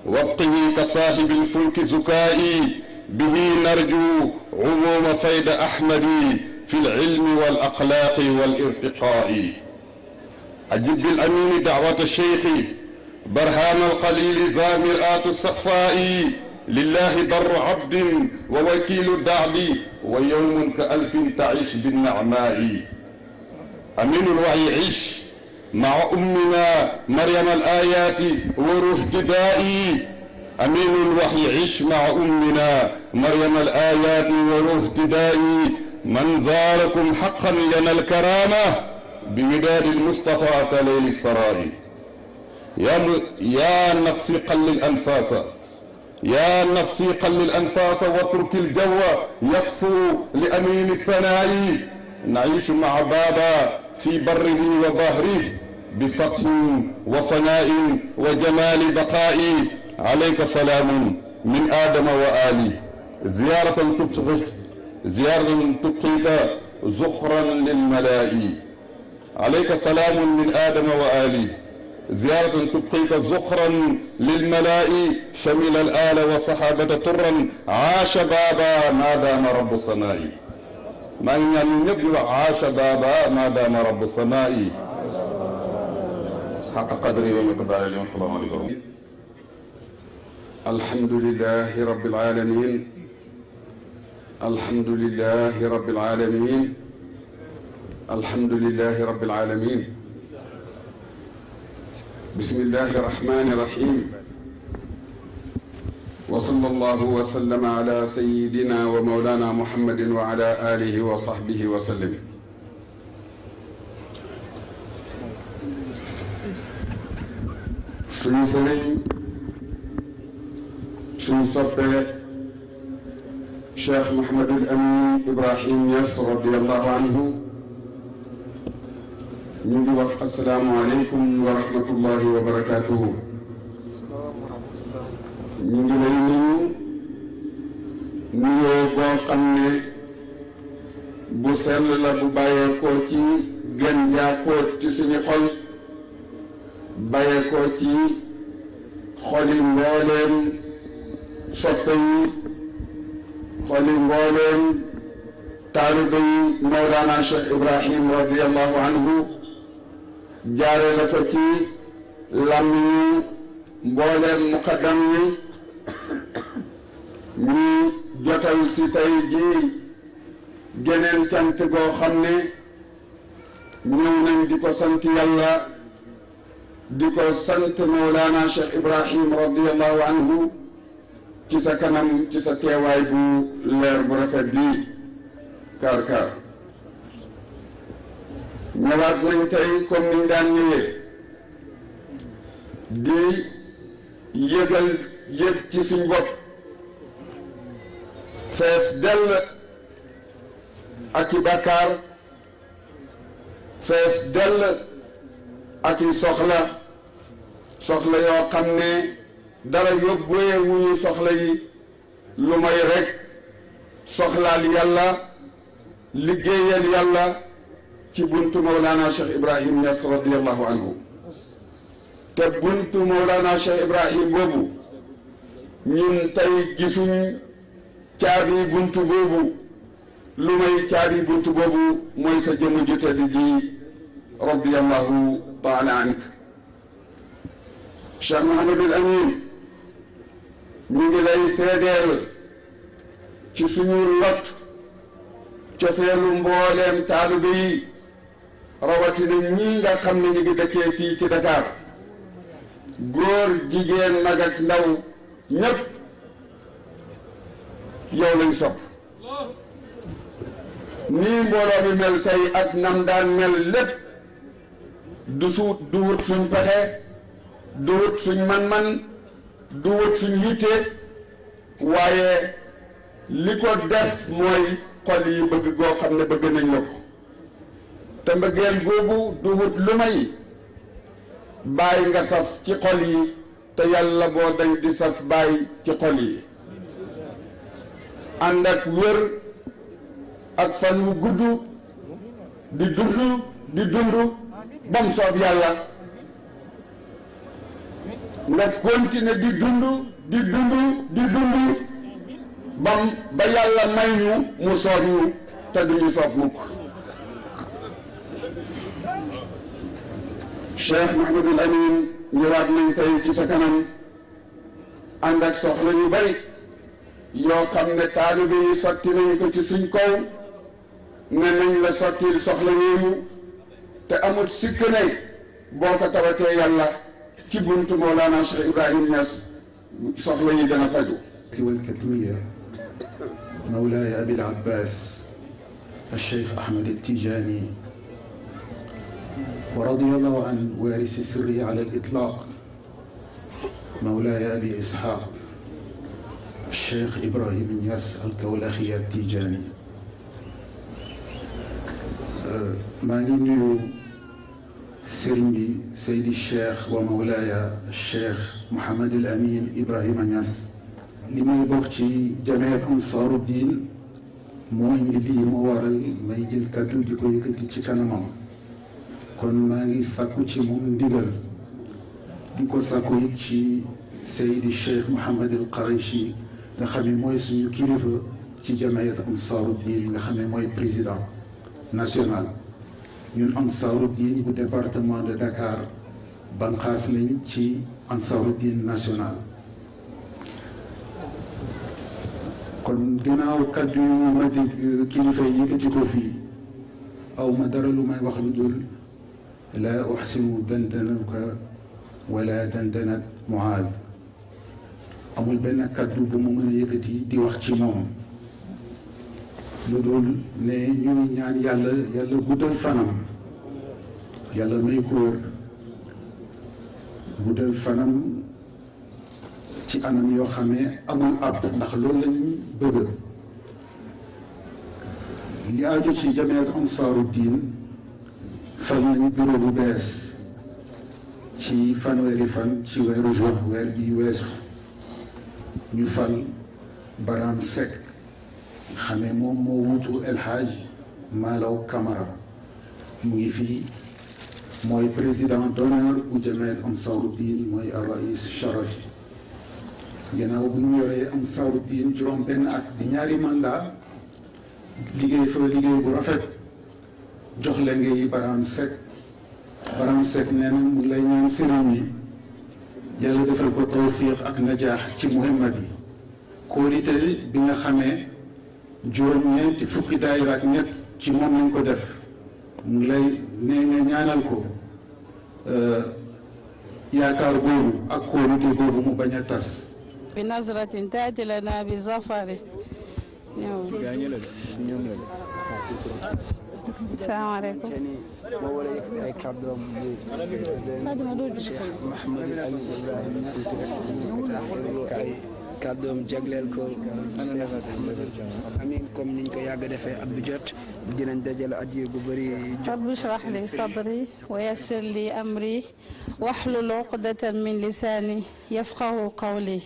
وابقه كصاحب الفلك زكائي bihi narju umuuma fayda ahmadi fi lilmi wal axlaaqi wal irtiqaa'i ajib bil amini daawata cheikhi برهان القليل زامرات الصفاء لله بر عبد ووكيل الدعب ويوم كألف تعيش بالنعماء أمين الوعي عيش مع أمنا مريم الآيات وروح جدائي أمين الوحي عيش مع أمنا مريم الآيات والاهتداء من زاركم حقا لنا الكرامة بوداد المصطفى كليل السرائي يا م... يا نفسي قل الأنفاس يا نفسي قل الأنفاس واترك الجو يفسو لأمين الثناء نعيش مع بابا في بره وظهره بفتح وفناء وجمال بقاء عليك سلام من آدم وآله زيارة تبغي زيارة تبقيك زخرا للملائي عليك سلام من آدم وآله زيارة تبقيك زخرا للملائي شمل الآل وصحابة ترا عاش بابا ما دام رب السماء ما يعني نبي عاش بابا ما دام رب السماء حق قدري ومقدار اليوم السلام عليكم الحمد لله رب العالمين alhamdulilahi rabbil aalamiin alhamdulilahi rabbil aalamiin bismillahi rahmaani rahiim wa sallallahu wa sallam ala sayyidina wa mawlana muhammadin wa ala alihi wa sahbihi wa sallam suñu sëriñ suñu soppee Cheikh Mouhamadul Amin Ibrahim Niass radiyallahu anhu ñu ngi wax asalaamualeykum wa rahmatullahi wa barakaatuhu. ñu ngi lay nuyu nuyoo boo xam ne bu sell la bu bàyyeekoo ci gën jaakoo ci suñu xol bàyyeekoo ci xoli mbooleem soppe yi. xoli mbooleem taalibe yi Mawlana Cheikh Ibrahim anhu jaare la ko ci làmmiñu mbooleem muqaddam yi ñu jotal si tey jii geneen cant goo xam ne ñëw di ko sant di ko sant Mawlana Cheikh Ibrahim radiyallahu anhu ci sa kanam ci sa teewaay bu leer bu rafet bii kaar kaar ñëwaat nañ tey comme niñ daan ñëwee di yëgal yëg ci suñ bopp fees dell ak i bàkkaar fees dell ak i soxla soxla yoo xam ne dara yóbbuwee wu ñu soxla yi lu may rekk soxlaal yàlla liggéeyal yàlla ci buntu Mawlana Cheikh Ibrahim Niass radiyallahu anhu te buntu Mawlana Cheikh Ibrahim boobu ñun tey gisuñ caabi buntu boobu lu may buntu boobu mooy sa jëmm ju tedd ji radiyallahu taala ank Cheikh Mouhamadul Amin ñu ngi lay seedeel ci suñu lot cofeelu mbooleem taalibe yi rawatina ñii nga xam ne ñu dëkkee fii ci Dakar góor jigéen mag ak ndaw ñépp yow lañ sopp nii mbooloo mi mel tey ak nam daan mel lépp du suut du wut suñ pexe du wut suñ man-man du wut suñ yitte waaye li ko def mooy xol yi bëgg goo xam ne bëgg nañ la ko te mbëggeel googu du wut lu may bàyyi nga saf ci xol yi te yàlla boo dañ di saf bàyyi ci xol yi ànd ak wér ak fan wu gudd di dund di dund bam soob yàlla nga continuer di dund di dund di dund ba ba yàlla may ñu mu soog ñu te duñu soog mukk Cheikh Mouhamadul Amin ñëwaat nañ tey ci sa kanam ànd ak soxla ñu bari yoo xam ne taalibe yi sotti nañ ko ci suñ kaw ne nañ la sottil soxla yooyu te amul sikk ne boo ko tawatee yàlla ci buntu Mawlana Cheikh Ibrahim Niass soxla yi gën a faju والكتمية مولاي أبي العباس الشيخ أحمد التيجاني ورضي الله عن وارث سره على الإطلاق مولاي أبي إسحاق الشيخ إبراهيم نياس الكولخي التيجاني ما ينوي sëriñ bi Seydi Cheikh wa Mawlaaya Cheikh Mouhamadul Amin Ibrahima Niass. li may bokk ci jameet ansaaru diin moo indi lii moo waral may jël di ci kanamam kon maa ngi sàkku ci moom ndigal di ko sàkku it ci Seydi Cheikh Mouhamadul Qurayshi nga xam ne mooy suñu kilifa ci jameet ansaaru diin nga xam ne mooy président national. ñun Ansaarud-Din bu département de Dakar banqaas nañ ci Ansaarud-Din national kon gannaaw kaddu yu ma dégg euh, kilifa yi yëkkati ko fii aw ma dara lu wax lu dul laa uxsinu dandanuka wala dandanat muaad amul benn kaddu bu mu mën a yëkkati di wax ci moom lu dul ne ñuy ñaan yàlla yàlla guddal fanam yàlla may ko wér guddal fanam ci anam yoo xam ne amul àpp ndax loolu lañu bëgg li aju ci jameet ansaaru diin fal nañ bureau bees ci fanweeri fan ci weeru juin weer bi weesu ñu fal Barham Seck xam ne moom moo wutu El Hadj Malaw mu ngi fii mooy président d'honneur bu Jamaat Ansaaruddiin mooy ar-raïs sharafi ginnaaw bu ñu yoree Ansaaruddiin juróom benn at di ñaari mandat liggéey fa liggéey bu rafet jox la ngay Baram Seck Baram Seck nee mu lay ñaan sëriñ yi yàlla defal ko tawfiq ak najaax ci muhimma bi kóolite bi nga xamee juróom-ñeenti fukki daayira ak ñett ci moom lañ ko def mu lay ne ñaanal ko euh, yaakaar boobu ak kóolute boobu mu bañ a tas bi nasratin taati lana bi zafari ñëw salaamaaleykum moo war a yëkkati ay kàddoom bi Cheikh Mahamadou Aliou Ibrahima kàddoom a ko Seex amin comme niñ ko yàgg defee bu jot dinañ dajale adiya gu bëri rabbi shrah li sadri wa yassir li amri wahlul uqdatan min lisaani yafqahu qawli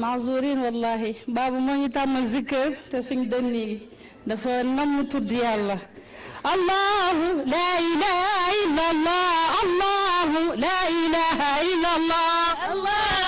maazurin wallahi baabu moo ñu tàmmal zikkër te suñ dënn yi dafa namm tudd yàlla allahu laa ilaha illa allah allahu laa ilaha illa allah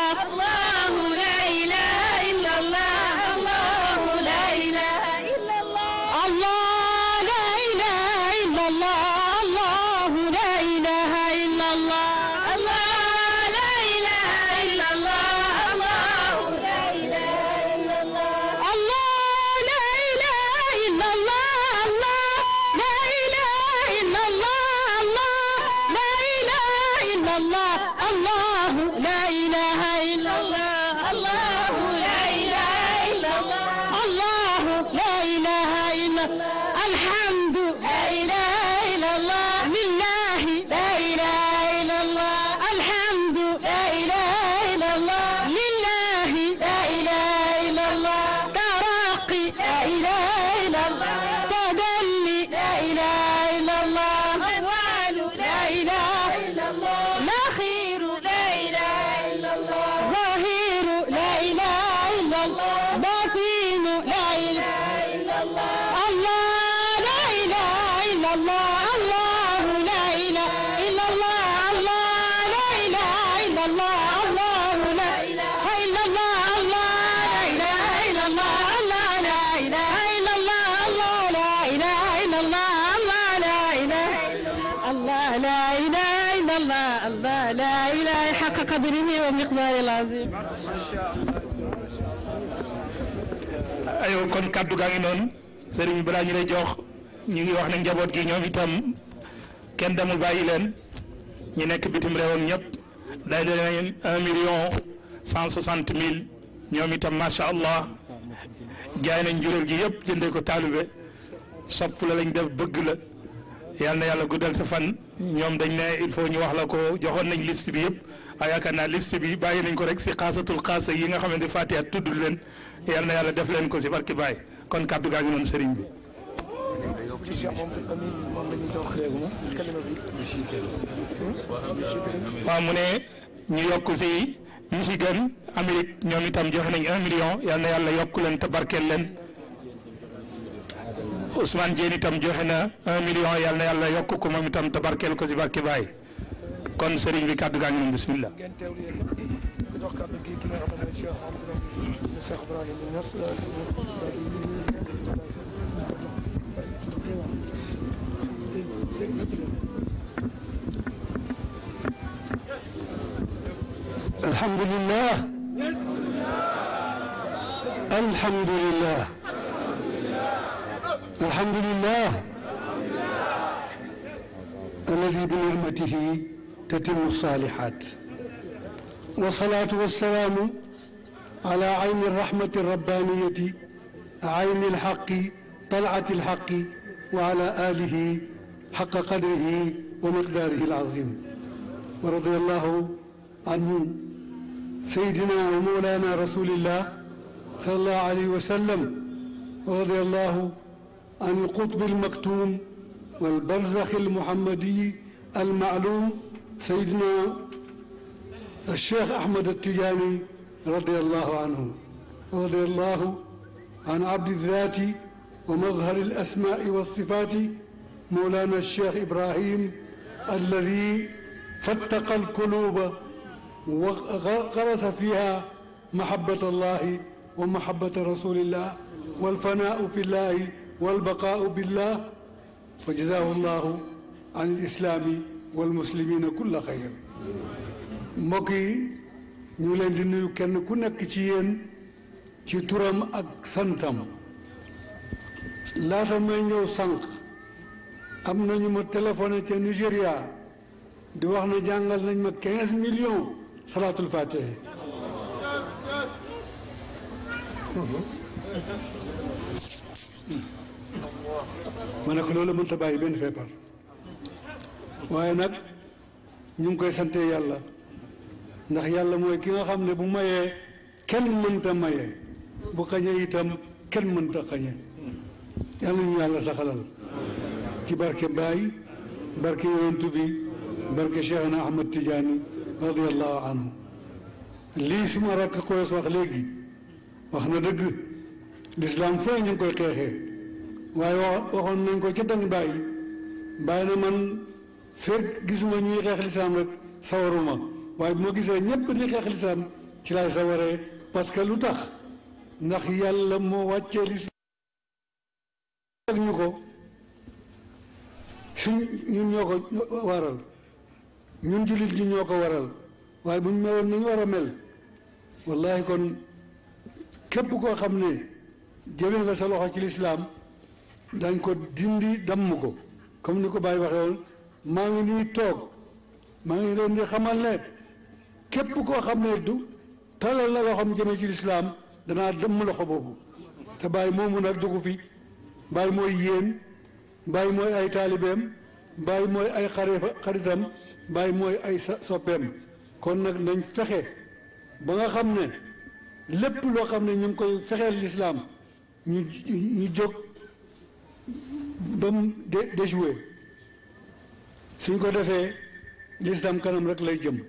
لا إله حق قدره ومقداره العظيم aywa kon kàddu gaa ngi noonu sëriñ bi balaa ñu lay jox ñu ngi wax ne njaboot gi ñoom itam kenn demul bàyyi leen ñu nekk bitim réewam ñëpp day doon nañ un million cent soixante mille ñoom itam macha allah jaay nañ juróom gi yëpp jëndee ko taalibe sopp la lañ def bëgg la. yal na yàlla guddal sa fan ñoom dañ ne il faut ñu wax la ko joxoon nañ liste bi yëpp a yaakaar naa liste bi bàyyi nañ ko rek si xaasatul xaasa yi nga xamante Fatiha tudd leen yal na yàlla def leen ko si barki Baay kon kàddu gaa ngi noonu sëriñ bi. waaw mu ne ñu yokk si Michigan Amérique ñoom itam joxe nañ un million yàlla yokk leen te barkeel leen. Ousmane Dieng itam joxe na un million yàlla na yàlla yokk ko moom itam ko si barke Baay kon sëriñ bi kàddu gaa ngi الحمد لله الذي بنعمته تتم الصالحات والصلاة والسلام على عين الرحمة الربانية عين الحق طلعة الحق وعلى آله حق قدره ومقداره العظيم ورضي الله عن سيدنا ومولانا رسول الله صلى الله عليه وسلم ورضي الله عن القطب المكتوم والبرزخ المحمدي المعلوم سيدنا الشيخ أحمد التجاني رضي الله عنه رضي الله عن عبد الذات ومظهر الأسماء والصفات مولانا الشيخ إبراهيم الذي فتق القلوب وغرس فيها محبة الله ومحبة رسول الله والفناء في الله والبقاء بالله فجزاه الله عن الإسلام والمسلمين كل خير mbokk yi ñu leen di nuyu kenn ku nekk ci yéen ci turam ak santam laata may ñëw sànq am nañu ma téléphoné ca Nigéria di wax na jàngal nañ ma quinze salaatul fatiha mhm. ma ne ko loolu mënut a bàyyi benn feebar waaye nag ñu ngi koy sante yàlla ndax yàlla mooy ki nga xam ne bu mayee kenn mënta mayee bu xañee itam kenn mënta xañee yàlla ñu yàlla saxalal ci barke Baay barke yonent bi barke Cheikhna Ahmad Tidiane radiallahu anhu lii suma rakk koos wax léegi wax na dëgg lislaam fooy ñu ngi koy xeexee waaye waxoon nañ ko ca dang bàyyi bàyyi na man fekk gisuma ñuy xeex lislaam rek sawaruma waaye bu ma gisee ñëpp di xeex lislaam ci lay sawaree parce que lu tax ndax yàlla moo wàccee lislaam ñu ko suñ ñun ñoo ko waral ñoo ko waral waaye buñ meloon nañ war a mel wallahi kon képp koo xam ne jëmee nga sa loxo ci lislaam dañ ko dindi damm ko comme ni ko bàyyi waxee woon maa ngi nii toog maa ngi leen di xamal ne képp koo xam ne du talal la loxoom jëmee ci lislaam danaa dëmm loxo boobu te bàyyi moo moomu nag dugg fi Baye mooy yéen bàyyi mooy ay taalibeem Baye mooy ay xaritam bàyyi mooy ay soppeem kon nag nañ fexe ba nga xam ne lépp loo xam ne ñu ngi koy fexeel lislaam ñu ñu jóg ba mu déjoué suñ ko defee lislaam kanam rek lay jëm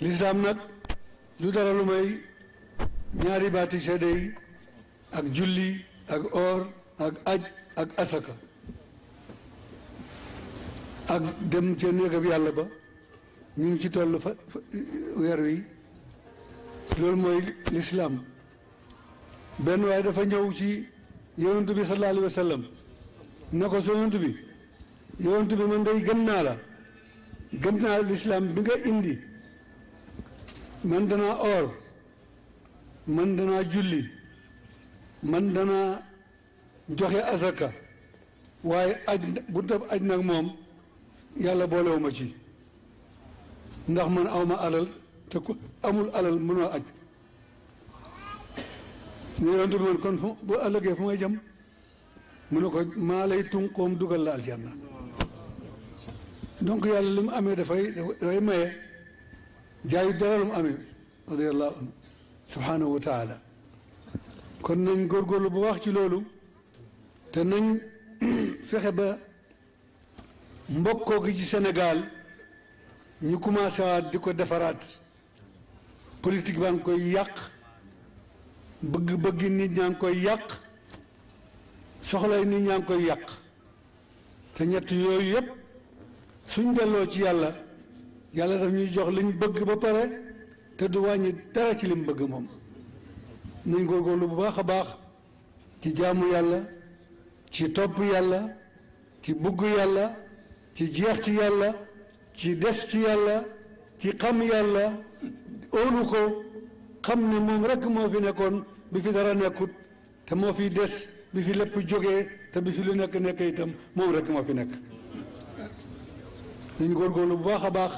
lislaam nag lu dara lu may ñaari baati seddey ak julli ak or ak aj ak asaka ak dem ca bi yàlla ba ñu ngi ci toll fa weer wi loolu mooy lislaam benn waaye dafa ñëw ci yonent bi sallallahu alayhi ne ko soo yontu bi yontu bi man day gëm naa la gëm naa lislaam bi nga indi man danaa oor man danaa julli man danaa joxe asaka waaye aj bu yàlla boolewu ma ci ndax man awma alal te ku amul alal mënoo aj ñu yontu bi man kon fu ëllëgee fu may jëm mu ne ko maa lay tunqoom dugal la aljanna donc yàlla li mu amee dafay dafay maye jaayu dara lu mu amee radiallahu anhu subhanahu wa taala kon nañ góorgóorlu bu wax ci loolu te nañ fexe ba mbokkoo gi ci senegaal ñu commencé waat di ko defaraat politik baa ngi koy yàq bëgg-bëgg nit ñaa ngi koy yàq soxla soxlay nit ñaa ngi koy yàq te ñett yooyu yëpp suñ delloo ci yàlla yàlla daf ñuy jox liñ bëgg ba pare te du wàññi dara ci liñ bëgg moom nañ góorgóorlu bu baax a baax ci jaamu yàlla ci topp yàlla ci bugg yàlla ci jeex ci yàlla ci des ci yàlla ci xam yàlla óolu ko xam ne moom rekk moo fi nekkoon bi fi dara nekkut te moo fiy des bi fi lépp jógee te bi fi lu nekk nekk itam moom rek moo fi nekk dañ góorgóorlu bu baax a baax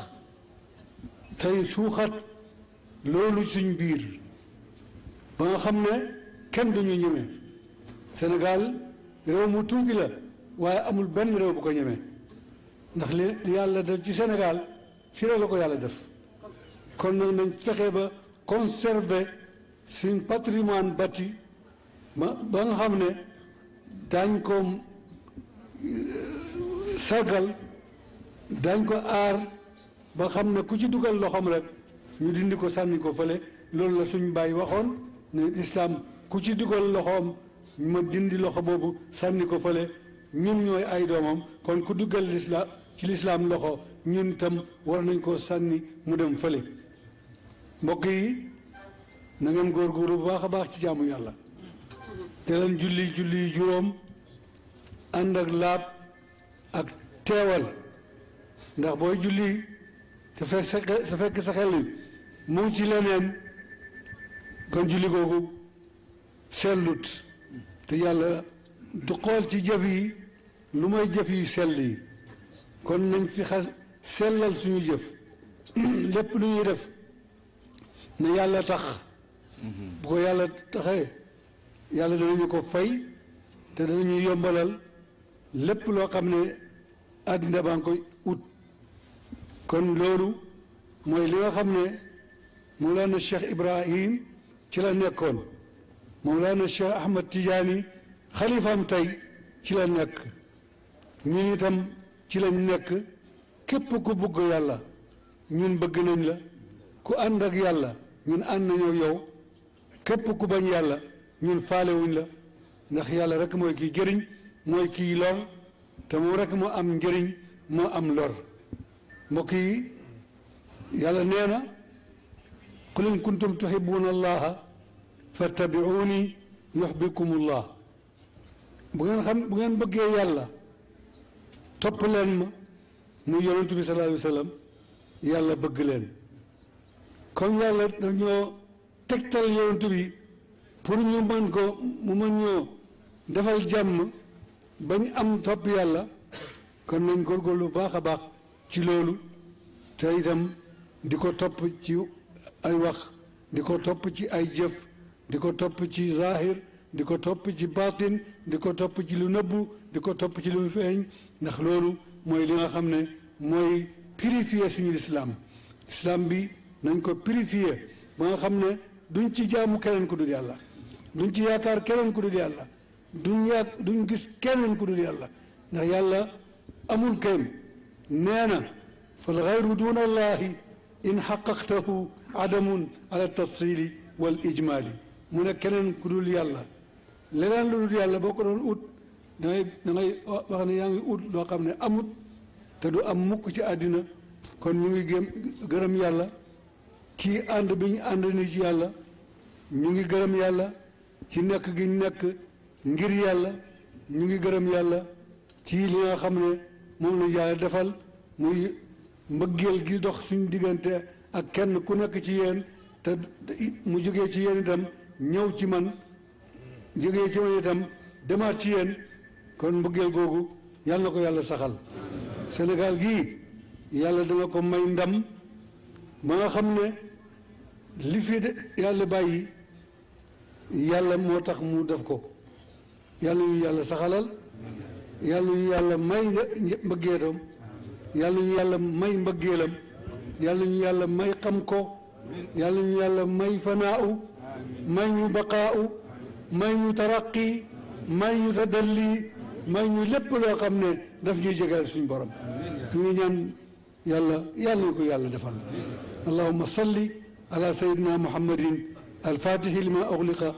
tey suuxat loolu suñ biir ba nga xam ne kenn duñu ñeme Sénégal réew mu tuuti la waaye amul benn réew bu ko ñemee ndax li yàlla def ci Sénégal ci réew la ko yàlla def kon nag nañ fexe ba conserver suñ patrimoine bâti ma ba nga xam ne daañ koom euh, sargal dañ ko aar ba xam ne ku ci dugal loxoom rek ñu dindi ko sànni ko fële loolu la suñu bàyyi waxoon ne islaam ku ci dugal loxoom ma dindi loxo boobu sànni ko fële ñun ñooy ay doomam kon ku dugal lislaam ci lislaam loxo ñun tam war nañ koo sànni mu dem fële mbokk yi na ngeen góor bu baax a baax ci jaamu yàlla te leen julli julli juróom ànd ak laab ak teewal ndax booy julli te fekk sa fekk sa xel mu ngi ci leneen kon julli googu sellut te yàlla du xool ci jëf yi lu may jëf yi sell yi kon nañ fi xas sellal suñu jëf lépp lu ñuy def na yàlla tax mhm. bu ko yàlla taxee yàlla ñu ko fay te danañu yombalal lépp loo xam ne àddina baa koy ut kon loolu mooy li nga xam ne Mawlana Cheikh Ibrahim ci la nekkoon Mawlana Cheikh Ahmad Tidiane xalifaam tey ci la nekk ñun itam ci lañ nekk képp ku bëgg yàlla ñun bëgg nañ la ku ànd ak yàlla ñun ànd nañoo yow képp ku bañ yàlla ñun faale la ndax yàlla rek mooy kii jëriñ mooy kii lor te moom rek moo am njëriñ moo am lor mbokk yi yàlla nee na qul in kuntum tuhibuuna allaha fattabiuuni yuxbikum allah bu ngeen xam bu ngeen bëggee yàlla topp leen ma muy yonent bi sallallahu alayhi yàlla bëgg leen comme yàlla dañoo tegtal yonent bi pour ñu mën ko mu mën ñoo defal jàmm bañ am topp yàlla kon nañ góorgóorlu baax a baax ci loolu te itam di ko topp ci ay wax di ko topp ci ay jëf di ko topp ci zahir di ko topp ci baatin di ko topp ci lu nëbbu di ko topp ci lu feeñ ndax loolu mooy li nga xam ne mooy purifier suñu lislaam islam bi nañ ko purifier ba nga xam ne duñ ci jaamu keneen ku dul yàlla duñ ci yaakaar keneen ku dul yàlla duñ duñ gis keneen ku dul yàlla ndax yàlla amul kenn nee na fal xayru duna allahi in xaqaqtahu adamun ala tafsili wal ijmali mu ne keneen ku dul yàlla leneen lu dul yàlla boo ko ut da ngay yaa ngi ut loo xam ne amut te du am mukk ci àddina kon ñu ngi gëm gërëm yàlla kii ànd bi ñu ànd yàlla ñu ngi gërëm yàlla ci nekk gi nekk ngir yàlla ñu ngi gërëm yàlla ci li nga xam ne moom la yàlla defal muy mbëggeel gi dox suñu diggante ak kenn ku nekk ci yéen te mu jóge ci yéen itam ñëw ci man jóge ci man itam demaat ci yeen kon mbëggeel googu yàlla ko yàlla saxal Sénégal gii yàlla dana ko may ndam ba nga xam ne li fi yàlla bàyyi yàlla moo tax mu def ko yàlla ñu yàlla saxalal yàlla ñu yàlla may mbëggeelam yàlla ñu yàlla may mbëggeelam yàlla ñu yàlla may xam ko yàlla ñu yàlla may fanaaw may ñu baqaaw may ñu taraqi may ñu tadalli may ñu lépp loo xam ne daf ñuy jegal suñu borom ñu ngi ñaan yàlla yàlla ñu ko yàlla defal allahumma salli ala sayyidina muhammadin الفاتح لما أغلق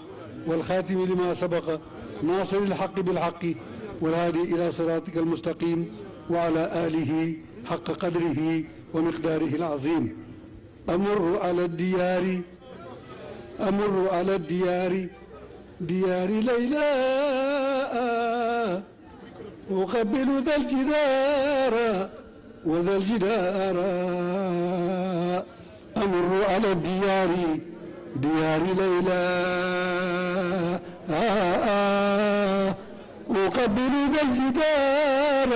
والخاتم لما سبق ناصر الحق بالحق والهادي إلى صراطك المستقيم وعلى آله حق قدره ومقداره العظيم أمر على الديار أمر على الديار ديار ليلى أقبل ذا الجدار وذا الجدار أمر على الديار الديار ليلى أقبل ذا الجدار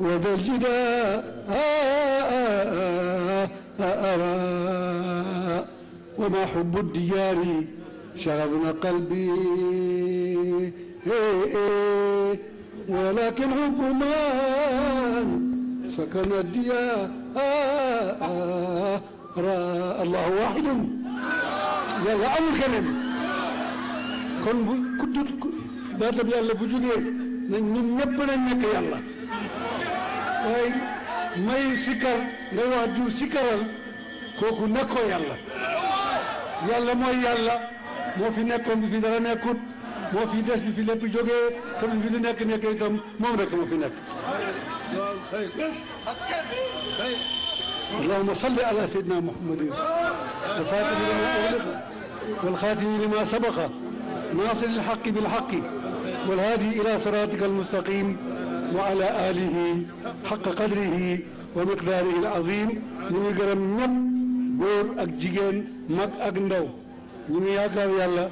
وذا الجدار أرى وما حب الديار شغفنا قلبي ولكن حب من سكن الديار allah wahidun yàlla amul keneen kon bu kuddut baatab yàlla bu jógee nañ ñun ñëpp nañ nekk yàlla waaye mayu sikkar ngay wax diw sikkaral kooku nekkoo yàlla yàlla mooy yàlla moo fi nekkoon bi fi dara nekkut moo fi des bi fi lépp jógee te bi fi lu nekk nekk itam moom rek moo fi nekk اللهم صل على سيدنا محمد الفاتح لما أغلق والخاتم لما سبق ناصر الحق بالحق والهادي إلى صراطك المستقيم وعلى آله حق قدره ومقداره العظيم ñu ngi gërëm ñëpp góor ak jigéen mag ak ndaw ñu ngi yaakaar yàlla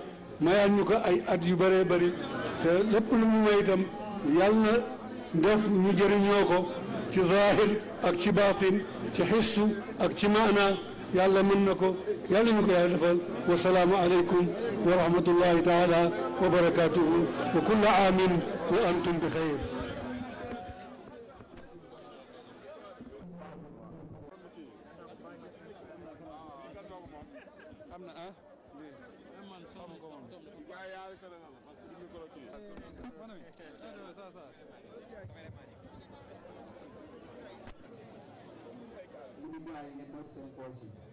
mayaan ñu ko ay at yu bëree bëri te lépp lu mu may itam yàlla na def ñu jëriñoo ko ci zaahir ak ci baatin ci xissu ak ci maana yàlla mën na ko yàlla ñu ko yàlla defal wa salaamu aleykum wa rahmatullahi taala wa barakatuhu wa kulla aamin wa antum bi xayr all people.